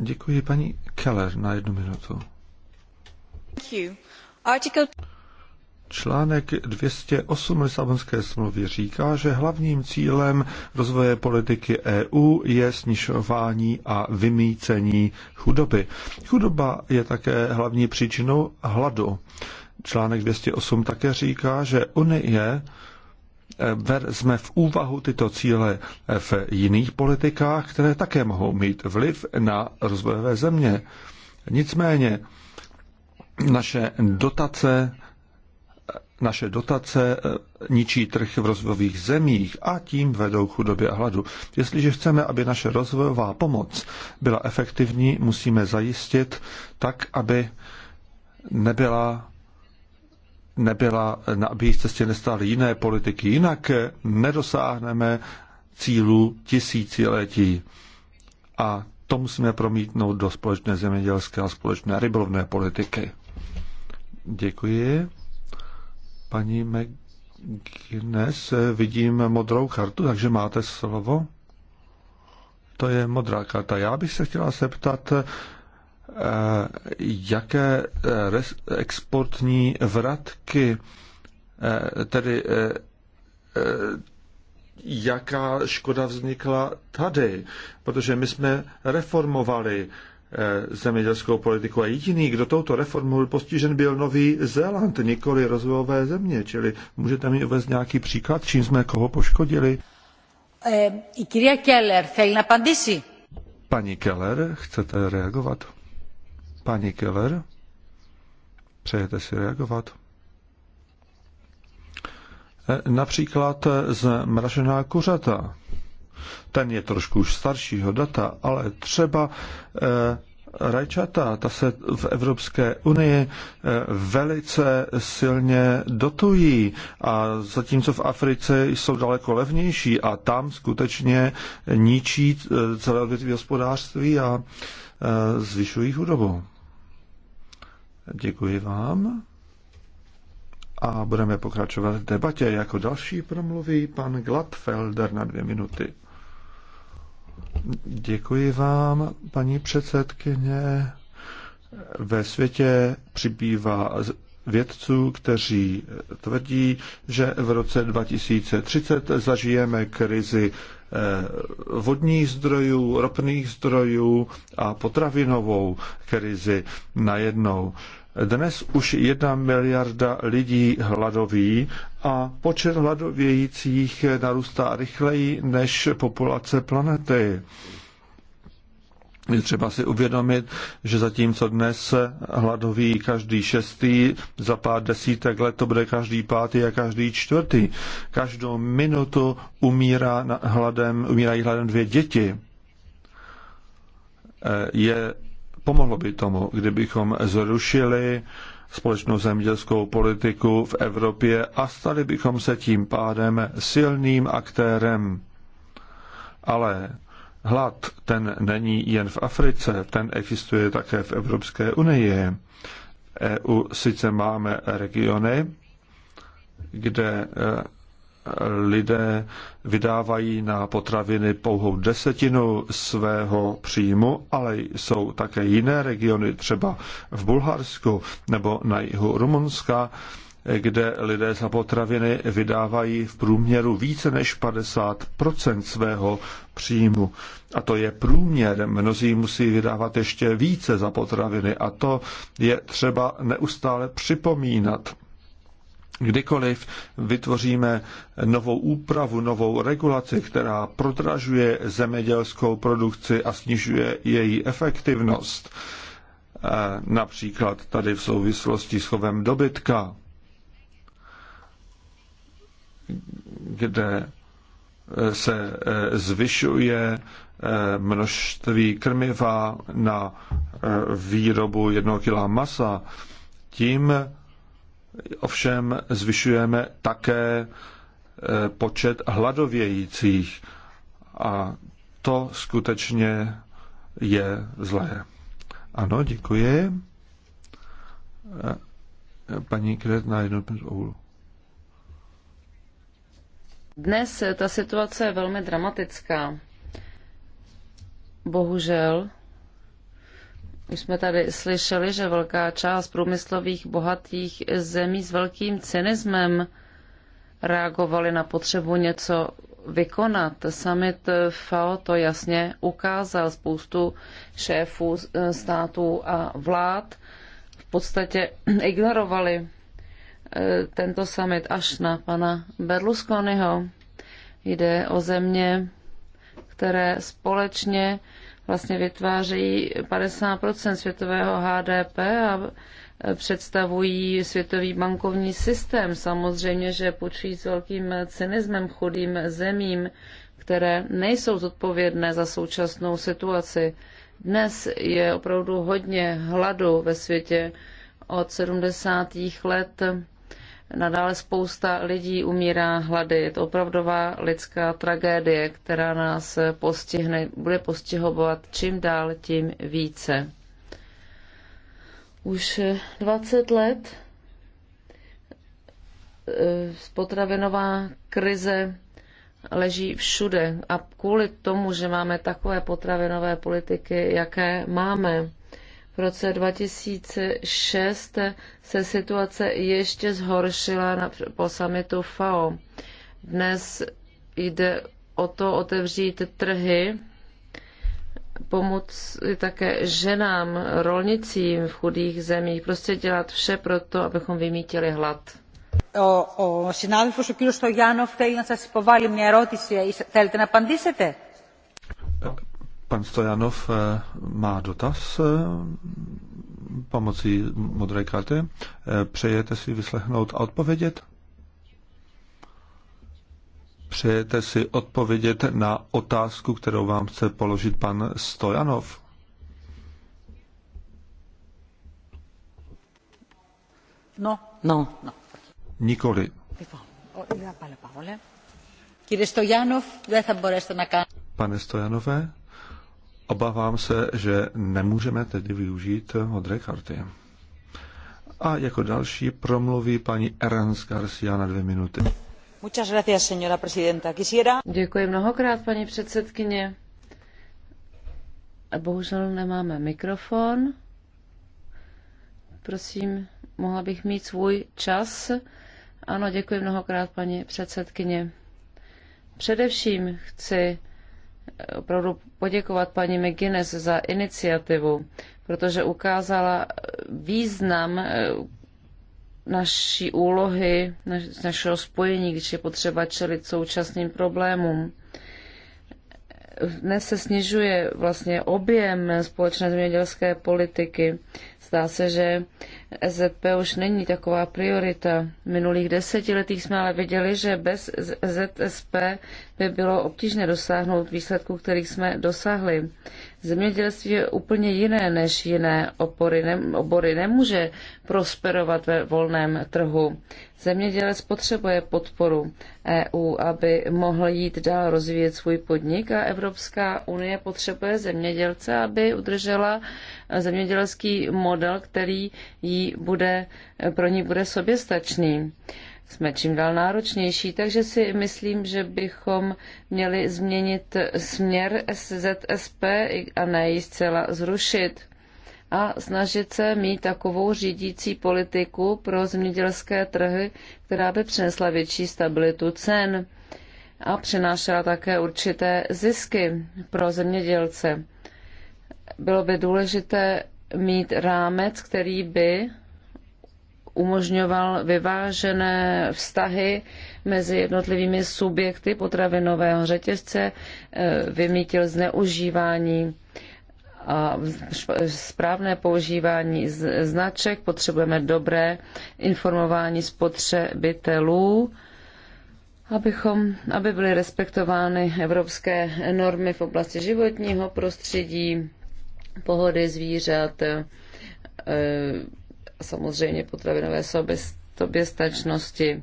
C: Děkuji paní Keller na jednu minutu. Článek 208 Lisabonské smlouvy říká, že hlavním cílem rozvoje politiky EU je snižování a vymícení chudoby. Chudoba je také hlavní příčinou hladu. Článek 208 také říká, že Unie Eh, vezme v úvahu tyto cíle eh, v jiných politikách, které také mohou mít vliv na rozvojové země. Nicméně naše dotace eh, naše dotace ničí trh v rozvojových zemích a tím vedou chudobě a hladu. Jestliže chceme, aby naše rozvojová pomoc byla efektivní, musíme zajistit tak, aby nebyla nebyla nabízce stěny stále jiné politiky. Jinak nedosáhneme cílů tisíciletí. A to musíme promítnout do společné zemědělské a společné rybolovné politiky. Děkuji. Paní McGuinness, vidím modrou kartu, takže máte slovo. To je modrá karta. Já bych se chtěla zeptat, Eh, jaké eh, exportní vratky, eh, tedy jaká škoda vznikla tady, protože my jsme reformovali zemědělskou politiku a jediný, kdo touto reformou byl postižen, byl Nový Zéland, nikoli rozvojové země. Čili můžete mi uvést nějaký příklad, čím jsme koho poškodili? Eh, Keller, Paní Keller, chcete reagovat? Pani Keller, přejete si reagovat? E, například z mražená kuřata. Ten je trošku už staršího data, ale třeba e, rajčata, ta se v Evropské unii e, velice silně dotují a zatímco v Africe jsou daleko levnější a tam skutečně ničí celé odvětví hospodářství a zvyšují chudobu. Děkuji vám. A budeme pokračovat v debatě. Jako další promluví pan Gladfelder na dvě minuty. Děkuji vám, paní předsedkyně. Ve světě přibývá vědců, kteří tvrdí, že v roce 2030 zažijeme krizi eh, vodních zdrojů, ropných zdrojů a potravinovou krizi najednou. Dnes už jedna miliarda lidí hladoví a počet hladovějících narůstá rychleji než populace planety. Je třeba si uvědomit, že zatímco dnes hladoví každý šestý, za pár desítek let to bude každý pátý a každý čtvrtý. Každou minutu umírá hladem, umírají hladem dvě děti. Je Pomohlo by tomu, kdybychom zrušili společnou zemědělskou politiku v Evropě a stali bychom se tím pádem silným aktérem. Ale hlad ten není jen v Africe, ten existuje také v Evropské unii. EU sice máme regiony, kde e, lidé vydávají na potraviny pouhou desetinu svého příjmu, ale jsou také jiné regiony, třeba v Bulharsku nebo na jihu Rumunska, kde lidé za potraviny vydávají v průměru více než 50 svého příjmu. A to je průměr. Mnozí musí vydávat ještě více za potraviny a to je třeba neustále připomínat kdykoliv vytvoříme novou úpravu, novou regulaci, která prodražuje zemědělskou produkci a snižuje její efektivnost, eh, například tady v souvislosti s chovem dobytka, kde eh, se eh, zvyšuje množství krmiva na výrobu jednoho kila masa, tím Ovšem zvyšujeme také eh, počet hladovějících a to skutečně je zlé. Ano, děkuji. Eh, paní Kret na jednu
A: Dnes ta situace je velmi dramatická. Bohužel už jsme tady slyšeli, že velká část průmyslových bohatých zemí s velkým cynismem reagovali na potřebu něco vykonat. Summit FAO to jasně ukázal spoustu šéfů států a vlád. V podstatě ignorovali eh, tento summit až na pana Berlusconiho. Jde o země, které společně vlastně vytvářejí 50 světového HDP a představují světový bankovní systém. Samozřejmě, že počí s velkým cynismem chudým zemím, které nejsou zodpovědné za současnou situaci. Dnes je opravdu hodně hladu ve světě. Od 70. let Nadále spousta lidí umírá hlady. Je to opravdová lidská tragédie, která nás postihne, bude postihovat čím dál, tím více. Už 20 let eh, potravinová krize leží všude a kvůli tomu, že máme takové potravinové politiky, jaké máme, v roce 2006 se situace ještě zhoršila na, po samitu FAO. Dnes jde o to otevřít trhy, pomoc také ženám, rolnicím v chudých zemích, prostě dělat vše pro to, abychom vymítili hlad. Ο, ο συνάδελφος ο κύριος Στογιάννοφ θέλει να σας υποβάλει μια ερώτηση. Θέλετε να απαντήσετε?
C: Pan Stojanov eh, má dotaz eh, pomocí modré karty. Eh, přejete si vyslechnout a odpovědět? Přejete si odpovědět na otázku, kterou vám chce položit pan Stojanov? No. No. no. Nikoli. Pane Stojanové, Obávám se, že nemůžeme tedy využít modré karty. A jako další promluví paní Erans Garcia na dvě minuty.
A: Děkuji mnohokrát, paní předsedkyně. Bohužel nemáme mikrofon. Prosím, mohla bych mít svůj čas. Ano, děkuji mnohokrát, paní předsedkyně. Především chci opravdu poděkovat paní McGuinness za iniciativu, protože ukázala význam eh, naší úlohy, našeho spojení, když je potřeba čelit současným problémům. Dnes se snižuje vlastně objem společné zemědělské politiky. Zdá se, že SZP už není taková priorita. V minulých desetiletích jsme ale viděli, že bez ZSP by bylo obtížné dosáhnout výsledků, kterých jsme dosáhli. Zemědělství je úplně jiné než jiné opory, ne, obory. Nemůže prosperovat ve volném trhu. Zemědělec potřebuje podporu EU, aby mohl jít dál rozvíjet svůj podnik a Evropská unie potřebuje zemědělce, aby udržela zemědělský model, který jí bude, pro ní bude soběstačný jsme čím dál náročnější, takže si myslím, že bychom měli změnit směr SZSP a ne ji zcela zrušit a snažit se mít takovou řídící politiku pro zemědělské trhy, která by přinesla větší stabilitu cen a přinášela také určité zisky pro zemědělce. Bylo by důležité mít rámec, který by umožňoval vyvážené vztahy mezi jednotlivými subjekty potravinového řetězce, e, vymítil zneužívání a správné používání značek, potřebujeme dobré informování spotřebitelů, abychom, aby byly respektovány evropské normy v oblasti životního prostředí, pohody zvířat, e, samozřejmě potravinové soběstačnosti.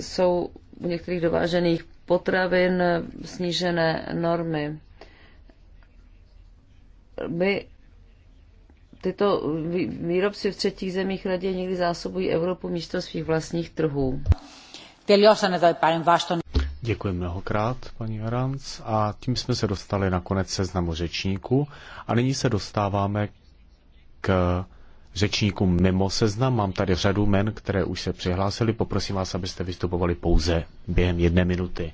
A: Jsou u některých dovážených potravin snížené normy. My tyto výrobci v třetích zemích raději někdy zásobují Evropu místo svých vlastních trhů.
B: Děkuji mnohokrát, paní Aranc. A tím jsme se dostali na konec seznamu řečníků. A nyní se dostáváme k řečníků mimo seznam. Mám tady řadu men, které už se přihlásili. Poprosím vás, abyste vystupovali pouze během jedné minuty.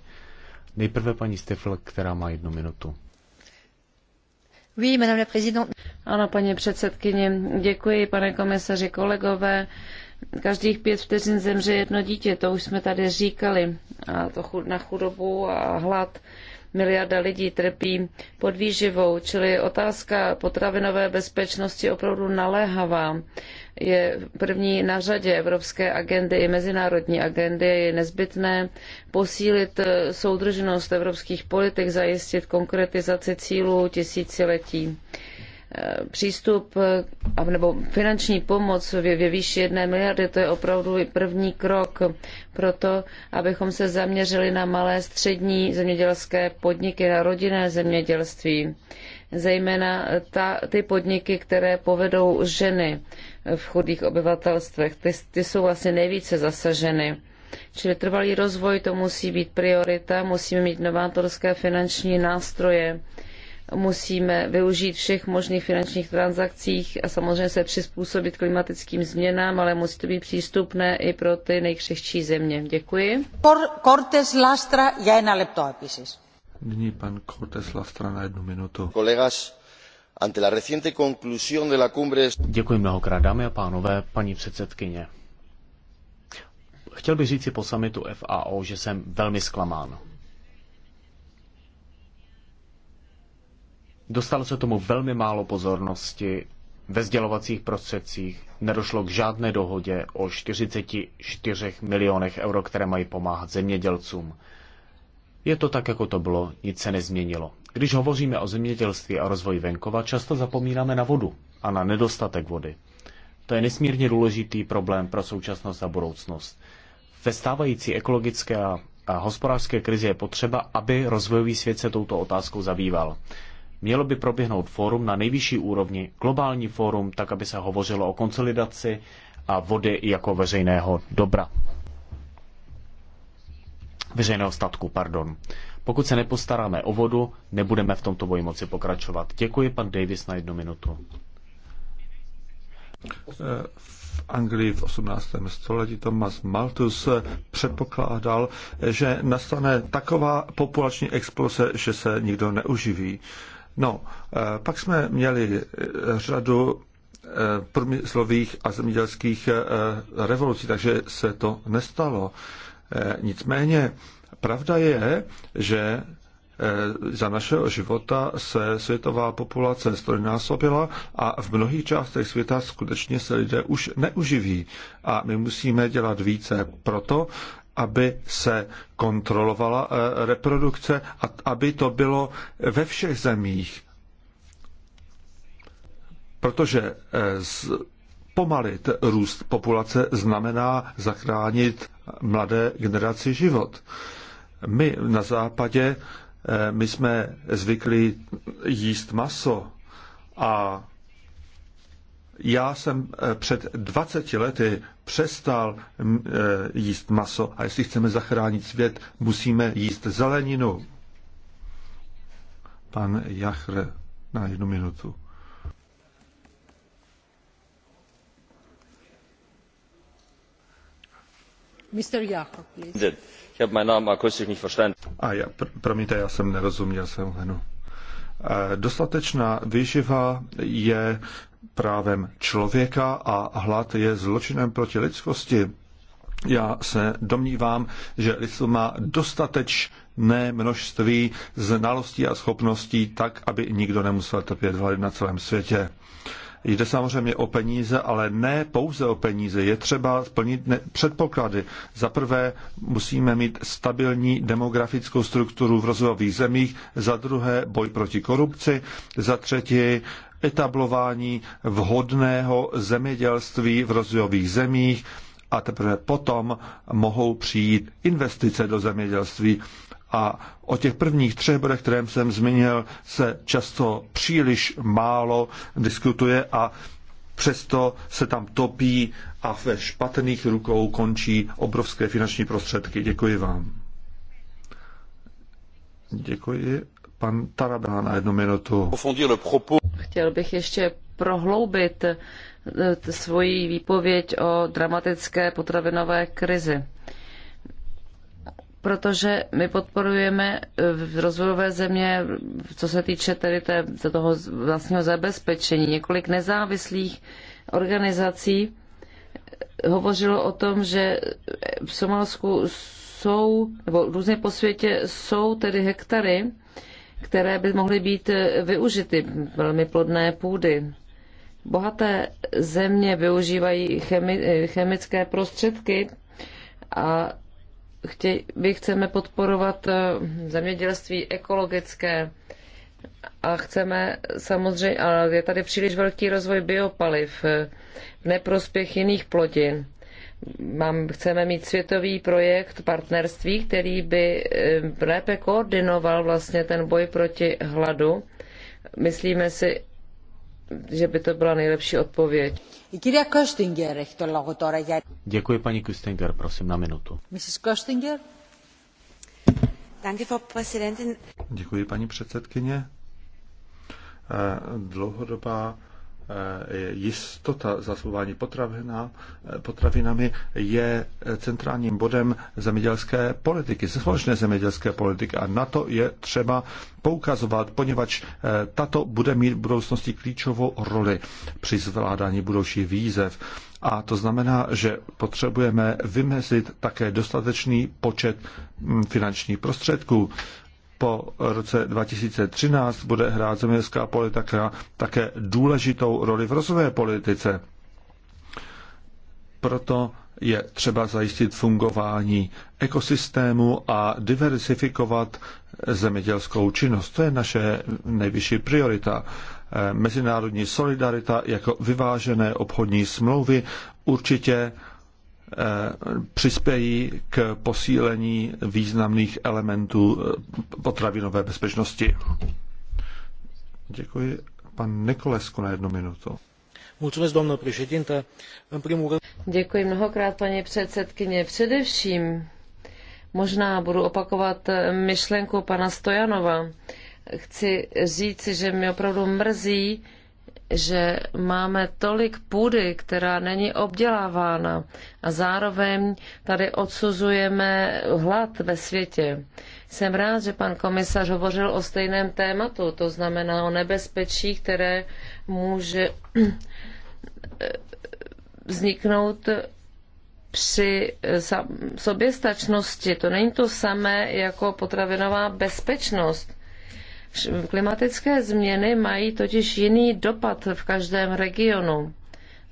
B: Nejprve paní Stifl, která má jednu minutu.
A: Oui, madame la présidente. Ano, paní předsedkyně, děkuji, pane komisaři, kolegové. Každých pět vteřin zemře jedno dítě, to už jsme tady říkali, a to na chudobu a hlad miliarda lidí trpí podvýživou, čili otázka potravinové bezpečnosti opravdu naléhavá. Je první na řadě evropské agendy i mezinárodní agendy. Je nezbytné posílit eh, soudržnost evropských politik, zajistit konkretizaci cílů tisíciletí. Eh, přístup eh, nebo finanční pomoc ve výši jedné miliardy, to je opravdu první krok pro to, abychom se zaměřili na malé střední zemědělské podniky, na rodinné zemědělství, zejména eh, ta, ty podniky, které povedou ženy v chudých obyvatelstvech. Ty, ty jsou vlastně nejvíce zasaženy. Čili trvalý rozvoj to musí být priorita, musíme mít novátorské finanční nástroje, musíme využít všech možných finančních transakcích a samozřejmě se přizpůsobit klimatickým změnám, ale musí to být přístupné i pro ty nejkřehčí země. Děkuji. Cortes Lastra, já na lepto, episis.
C: Nyní pan Cortes Lastra na jednu minutu. Kolegas, ante la reciente conclusión de la
A: cumbre...
B: Děkuji mnohokrát, dámy a pánové, paní předsedkyně. Chtěl bych říci po samitu FAO, že jsem velmi zklamán. Dostalo se tomu velmi málo pozornosti ve sdělovacích prostředcích. Nedošlo k žádné dohodě o 44 milionech euro, které mají pomáhat zemědělcům. Je to tak, jako to bylo, nic se nezměnilo. Když hovoříme o zemědělství a rozvoji venkova, často zapomínáme na vodu a na nedostatek vody. To je nesmírně důležitý problém pro současnost a budoucnost. Ve stávající ekologické a hospodářské krizi je potřeba, aby rozvojový svět se touto otázkou zabýval. Mělo by proběhnout fórum na nejvyšší úrovni, globální fórum, tak aby se hovořilo o konsolidaci a vody jako veřejného dobra. Veřejného statku, pardon. Pokud se nepostaráme o vodu, nebudeme v tomto boji moci pokračovat. Děkuji, pan Davis, na jednu minutu.
C: V Anglii v 18. století Thomas Malthus předpokládal, že nastane taková populační exploze, že se nikdo neuživí. No, eh, pak jsme měli eh, řadu eh, průmyslových a zemědělských revolucí, takže se to nestalo. Nicméně pravda je, že za našeho života se světová populace strojnásobila a v mnohých částech světa skutečně se lidé už neuživí. A my musíme dělat více proto, aby se kontrolovala eh, reprodukce a aby to bylo ve všech zemích. Protože eh, pomalit růst populace znamená zachránit mladé generaci život. My na západě, eh, my jsme zvyklí jíst maso a já jsem eh, před 20 lety přestal mm, eh, jíst maso a jestli chceme zachránit svět, musíme jíst zeleninu. Pan Jachr na jednu minutu.
A: Mr. Jachr, please. Ich habe meinen Namen akustisch nicht verstanden.
C: A já, pr- promiňte, já jsem nerozuměl jsem Lenu. Eh, dostatečná výživa je právem člověka a hlad je zločinem proti lidskosti. Já se domnívám, že lidstvo má dostatečné množství znalostí a schopností tak, aby nikdo nemusel trpět hlad na celém světě. Jde samozřejmě o peníze, ale ne pouze o peníze. Je třeba splnit předpoklady. Za prvé musíme mít stabilní demografickou strukturu v rozvojových zemích, za druhé boj proti korupci, za třetí etablování vhodného zemědělství v rozvojových zemích a teprve potom mohou přijít investice do zemědělství. A o těch prvních třech bodech, které jsem zmínil, se často příliš málo diskutuje a přesto se tam topí a ve špatných rukou končí obrovské finanční prostředky. Děkuji vám. Děkuji. Pan Tarabá na jednu minutu.
A: Chtěl bych ještě prohloubit eh, svoji výpověď o dramatické potravinové krizi protože my podporujeme eh, v rozvojové země, co se týče tedy té, toho vlastního zabezpečení. Několik nezávislých organizací eh, hovořilo o tom, že eh, v Somálsku jsou, nebo různě po světě jsou tedy hektary, které by mohly být využity, velmi plodné půdy. Bohaté země využívají chemi, chemické prostředky a chtěj, my chceme podporovat eh, zemědělství ekologické a chceme samozřejmě, ale je tady příliš velký rozvoj biopaliv eh, v neprospěch jiných plodin. Mám, chceme mít světový projekt partnerství, který by eh, lépe koordinoval vlastně ten boj proti hladu. Myslíme si, že by to byla nejlepší odpověď.
B: Děkuji paní Köstinger, prosím na
C: minutu.
A: Mrs. Köstinger?
C: Děkuji paní předsedkyně. Eh, dlouhodobá Eh, jistota zásobování eh, potravinami je eh, centrálním bodem zemědělské politiky, společné zemědělské politiky a na to je třeba poukazovat, poněvadž tato bude mít v budoucnosti klíčovou roli při zvládání budoucích výzev. A to znamená, že potřebujeme vymezit také dostatečný počet hm, finančních prostředků po roce 2013 bude hrát zemědělská politika také důležitou roli v rozvojové politice. Proto je třeba zajistit fungování ekosystému a diversifikovat zemědělskou činnost. To je naše nejvyšší priorita. Mezinárodní solidarita jako vyvážené obchodní smlouvy určitě přispějí k posílení významných elementů eh, potravinové bezpečnosti. Děkuji. Pan Nikolesku na jednu minutu.
A: Děkuji mnohokrát, paní předsedkyně. Především možná budu opakovat eh, myšlenku pana Stojanova. Chci říci, že mě opravdu mrzí, že máme tolik půdy, která není obdělávána a zároveň tady odsuzujeme hlad ve světě. Jsem rád, že pan komisař hovořil o stejném tématu, to znamená o nebezpečí, které může vzniknout při soběstačnosti. To není to samé jako potravinová bezpečnost Klimatické změny mají totiž jiný dopad v každém regionu,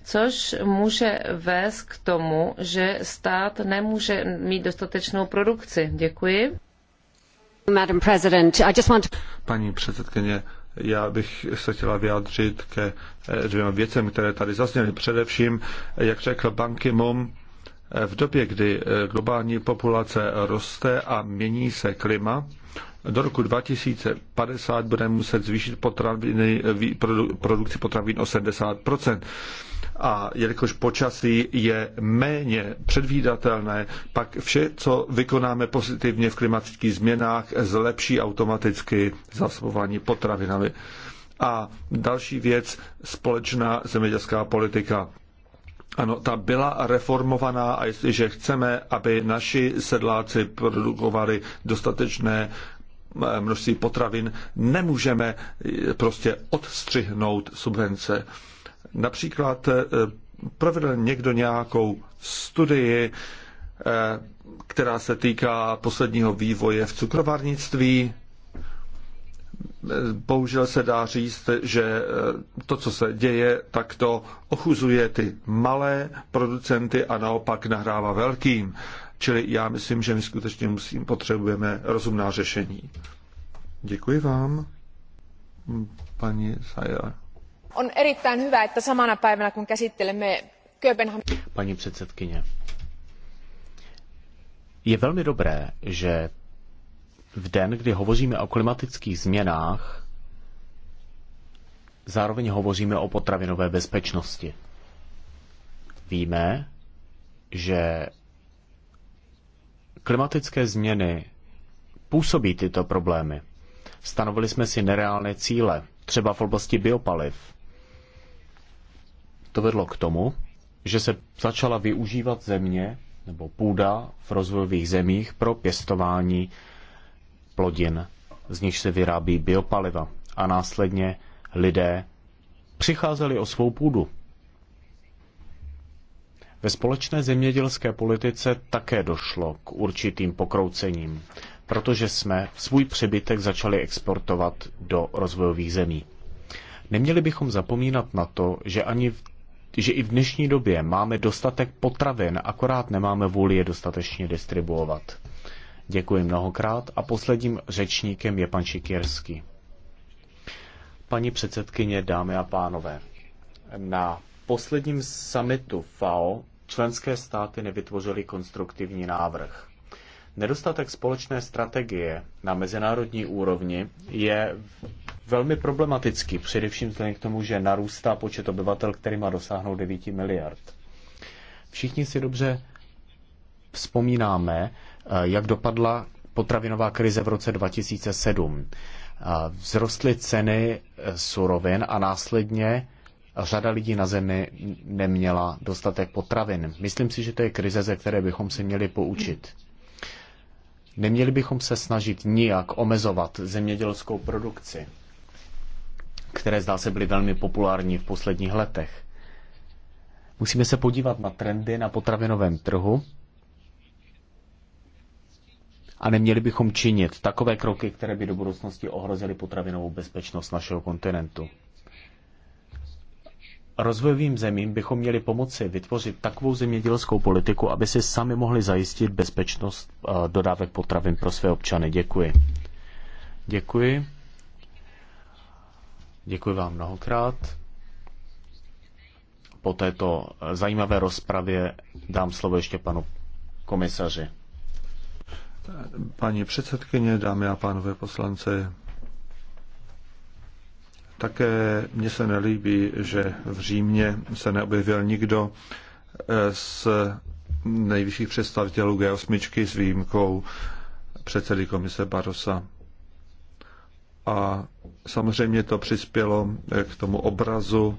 A: což může vést k tomu, že stát nemůže mít dostatečnou produkci. Děkuji.
C: Paní předsedkyně, já bych se chtěla vyjádřit ke eh, dvěma věcem, které tady zazněly. Především, eh, jak řekl Ban Ki-moon, eh, v době, kdy globální populace roste a mění se klima, do roku 2050 budeme muset zvýšit potraviny, produkci potravin o 70 a jelikož počasí je méně předvídatelné, pak vše, co vykonáme pozitivně v klimatických změnách, zlepší automaticky zasobování potravinami. A další věc, společná zemědělská politika. Ano, ta byla reformovaná a jestliže chceme, aby naši sedláci produkovali dostatečné množství potravin nemůžeme eh, prostě odstřihnout subvence. Například eh, provedl někdo nějakou studii, eh, která se týká posledního vývoje v cukrovarnictví. Bohužel se dá říct, že to, co se děje, tak to ochuzuje ty malé producenty a naopak nahrává velkým. Čili já myslím, že my skutečně musím, potřebujeme rozumná řešení. Děkuji vám, paní Sajer.
B: On erittäin hyvä, että samana päivänä kun käsittelemme Kööpenhamin... Paní předsedkyně, je velmi dobré, že v den, kdy hovoříme o klimatických změnách, zároveň hovoříme o potravinové bezpečnosti. Víme, že klimatické změny působí tyto problémy. Stanovili jsme si nereálné cíle, třeba v oblasti biopaliv. To vedlo k tomu, že se začala využívat země nebo půda v rozvojových zemích pro pěstování plodin, z nich se vyrábí biopaliva. A následně lidé přicházeli o svou půdu, ve společné zemědělské politice také došlo k určitým pokroucením, protože jsme svůj přebytek začali exportovat do rozvojových zemí. Neměli bychom zapomínat na to, že ani v že i v dnešní době máme dostatek potravin, akorát nemáme vůli je dostatečně distribuovat. Děkuji mnohokrát a posledním řečníkem je pan Šikierský. Paní předsedkyně, dámy a pánové, na posledním summitu FAO členské státy nevytvořily konstruktivní návrh. Nedostatek společné strategie na mezinárodní úrovni je velmi problematický, především vzhledem k tomu, že narůstá počet obyvatel, který má dosáhnout 9 miliard. Všichni si dobře vzpomínáme, eh, jak dopadla potravinová krize v roce 2007. Eh, vzrostly ceny eh, surovin a následně řada lidí na zemi neměla dostatek potravin. Myslím si, že to je krize, ze které bychom se měli poučit. Neměli bychom se snažit nijak omezovat zemědělskou produkci, které zdá se byly velmi populární v posledních letech. Musíme se podívat na trendy na potravinovém trhu a neměli bychom činit takové kroky, které by do budoucnosti ohrozily potravinovou bezpečnost našeho kontinentu rozvojovým zemím bychom měli pomoci vytvořit takovou zemědělskou politiku, aby si sami mohli zajistit bezpečnost eh, dodávek potravin pro své občany. Děkuji. Děkuji. Děkuji vám mnohokrát. Po této eh, zajímavé
C: rozpravě dám slovo ještě
B: panu komisaři.
C: Paní předsedkyně, dámy a pánové poslanci, také mně se nelíbí, že v Římě se neobjevil nikdo eh, z nejvyšších představitelů G8 s výjimkou předsedy komise Barosa. A samozřejmě to přispělo eh, k tomu obrazu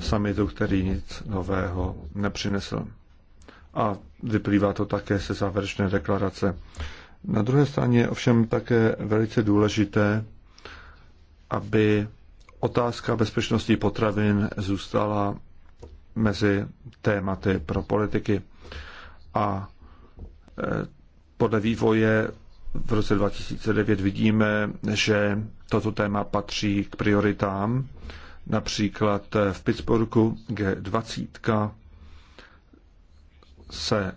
C: samitu, který nic nového nepřinesl. A vyplývá to také se závěrečné deklarace. Na druhé straně je ovšem také velice důležité, aby otázka bezpečnosti potravin zůstala mezi tématy pro politiky a e, podle vývoje v roce 2009 vidíme, že toto téma patří k prioritám. Například e, v Pittsburghu G20 se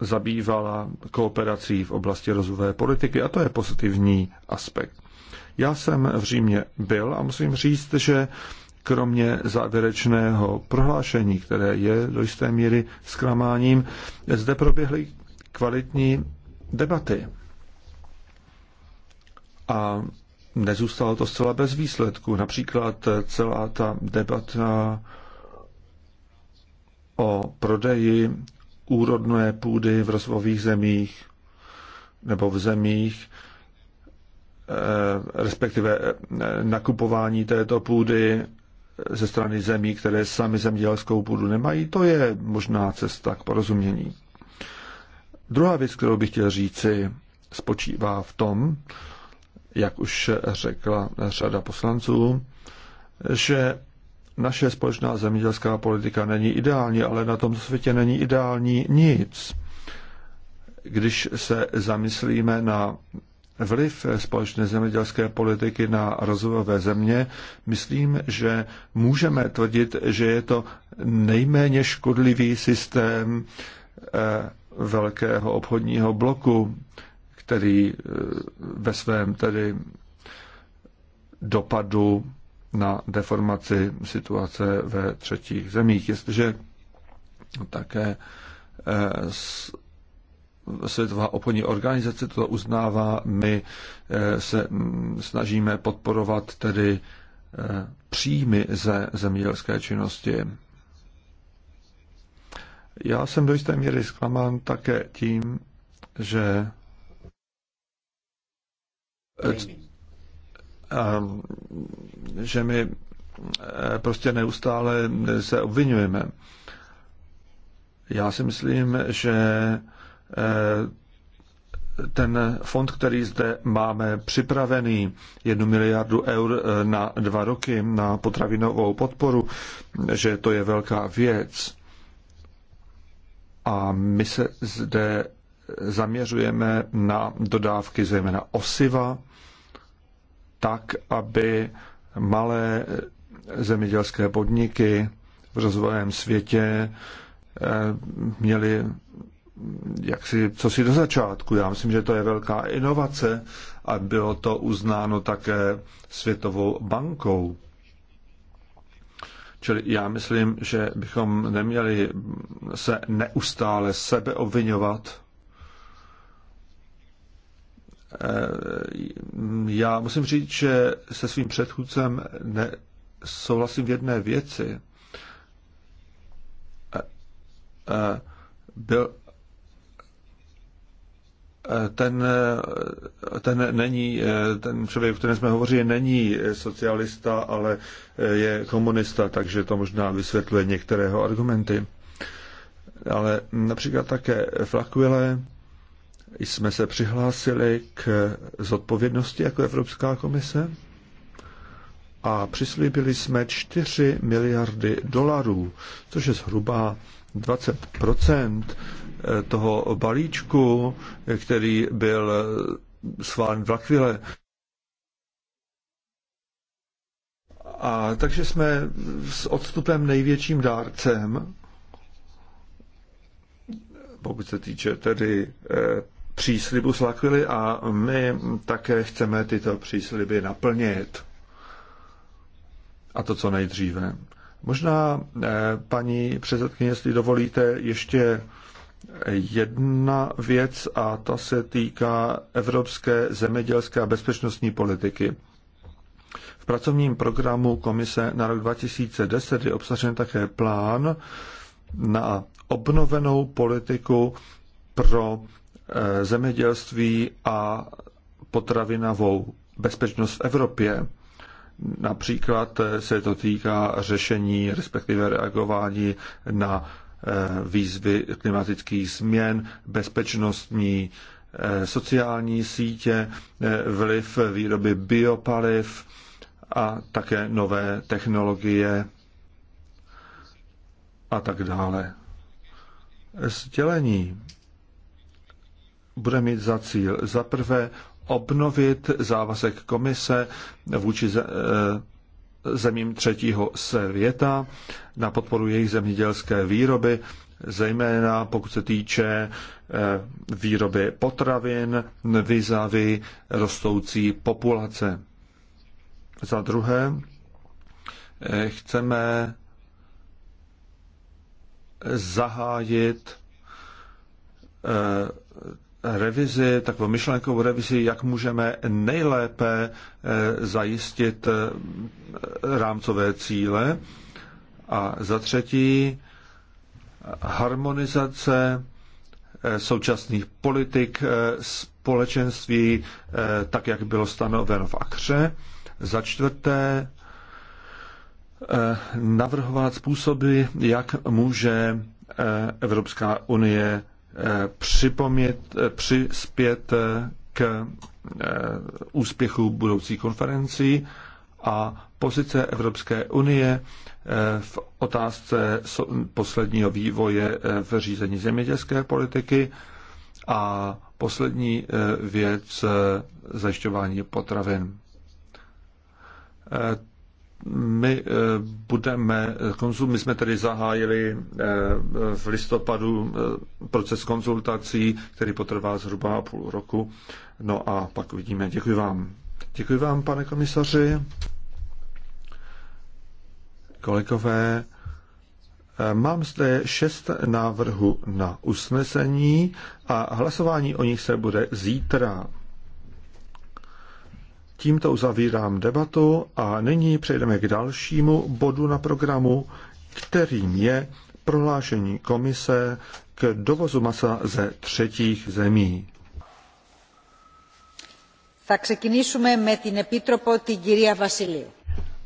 C: zabývala kooperací v oblasti rozvojové politiky a to je pozitivní aspekt. Já jsem v Římě byl a musím říct, že kromě závěrečného prohlášení, které je do jisté míry zklamáním, zde proběhly kvalitní debaty. A nezůstalo to zcela bez výsledku. Například celá ta debata o prodeji úrodné půdy v rozvojových zemích nebo v zemích, Eh, respektive eh, nakupování této půdy ze strany zemí, které sami zemědělskou půdu nemají, to je možná cesta k porozumění. Druhá věc, kterou bych chtěl říci, spočívá v tom, jak už řekla řada poslanců, že naše společná zemědělská politika není ideální, ale na tom světě není ideální nic. Když se zamyslíme na vliv společné zemědělské politiky na rozvojové země, myslím, že můžeme tvrdit, že je to nejméně škodlivý systém eh, velkého obchodního bloku, který eh, ve svém tedy dopadu na deformaci situace ve třetích zemích. Jestliže také eh, Světová obchodní organizace to uznává. My eh, se mm, snažíme podporovat tedy eh, příjmy ze zemědělské činnosti. Já jsem do jisté míry zklamán také tím, že eh, že my prostě neustále se obvinujeme. Já si myslím, že Eh, ten fond, který zde máme připravený, jednu miliardu eur eh, na dva roky na potravinovou podporu, že to je velká věc. A my se zde zaměřujeme na dodávky zejména osiva, tak, aby malé zemědělské podniky v rozvojovém světě eh, měly jak si, co si do začátku. Já myslím, že to je velká inovace a bylo to uznáno také Světovou bankou. Čili já myslím, že bychom neměli se neustále sebe obvinovat. Eh, já musím říct, že se svým předchůdcem souhlasím v jedné věci. Eh, eh, byl ten, ten není, ten člověk, o kterém jsme hovořili, není socialista, ale je komunista, takže to možná vysvětluje některého argumenty. Ale například také v jsme se přihlásili k zodpovědnosti jako Evropská komise a přislíbili jsme 4 miliardy dolarů, což je zhruba 20 toho balíčku, který byl sván v Lakvile. A takže jsme s odstupem největším dárcem, pokud se týče tedy eh, příslibu z Lakvily a my také chceme tyto přísliby naplnit. A to co nejdříve. Možná, eh, paní předsedkyně, jestli dovolíte, ještě jedna věc a ta se týká evropské zemědělské a bezpečnostní politiky. V pracovním programu Komise na rok 2010 je obsažen také plán na obnovenou politiku pro eh, zemědělství a potravinovou bezpečnost v Evropě. Například eh, se to týká řešení, respektive reagování na Eh, výzvy klimatických změn, bezpečnostní eh, sociální sítě, eh, vliv výroby biopaliv a také nové technologie a tak dále. Sdělení bude mít za cíl za prvé obnovit závazek komise vůči zemím třetího světa na podporu jejich zemědělské výroby, zejména pokud se týče eh, výroby potravin, vizavy rostoucí populace. Za druhé, eh, chceme zahájit eh, revizi, takovou myšlenkovou revizi, jak můžeme nejlépe eh, zajistit eh, rámcové cíle. A za třetí, harmonizace eh, současných politik společenství, tak jak bylo stanoveno v Akře. Za čtvrté, navrhovat způsoby, jak může Evropská unie připomnět, eh, přispět eh, k eh, úspěchu budoucí konferenci a pozice Evropské unie v otázce posledního vývoje v řízení zemědělské politiky a poslední věc zajišťování potravin my eh, budeme, eh, konzum, my jsme tedy zahájili eh, v listopadu proces konzultací, který potrvá zhruba půl roku. No a pak uvidíme. Děkuji vám. Děkuji vám, pane komisaři. Kolegové, mám zde šest návrhů na usnesení a hlasování o nich se bude zítra. Tímto uzavírám debatu a nyní přejdeme k dalšímu bodu na programu, kterým je prohlášení komise k dovozu masa ze třetích zemí.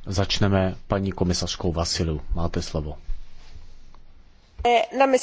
B: Začneme paní komisařkou Vasiliu. Máte slovo.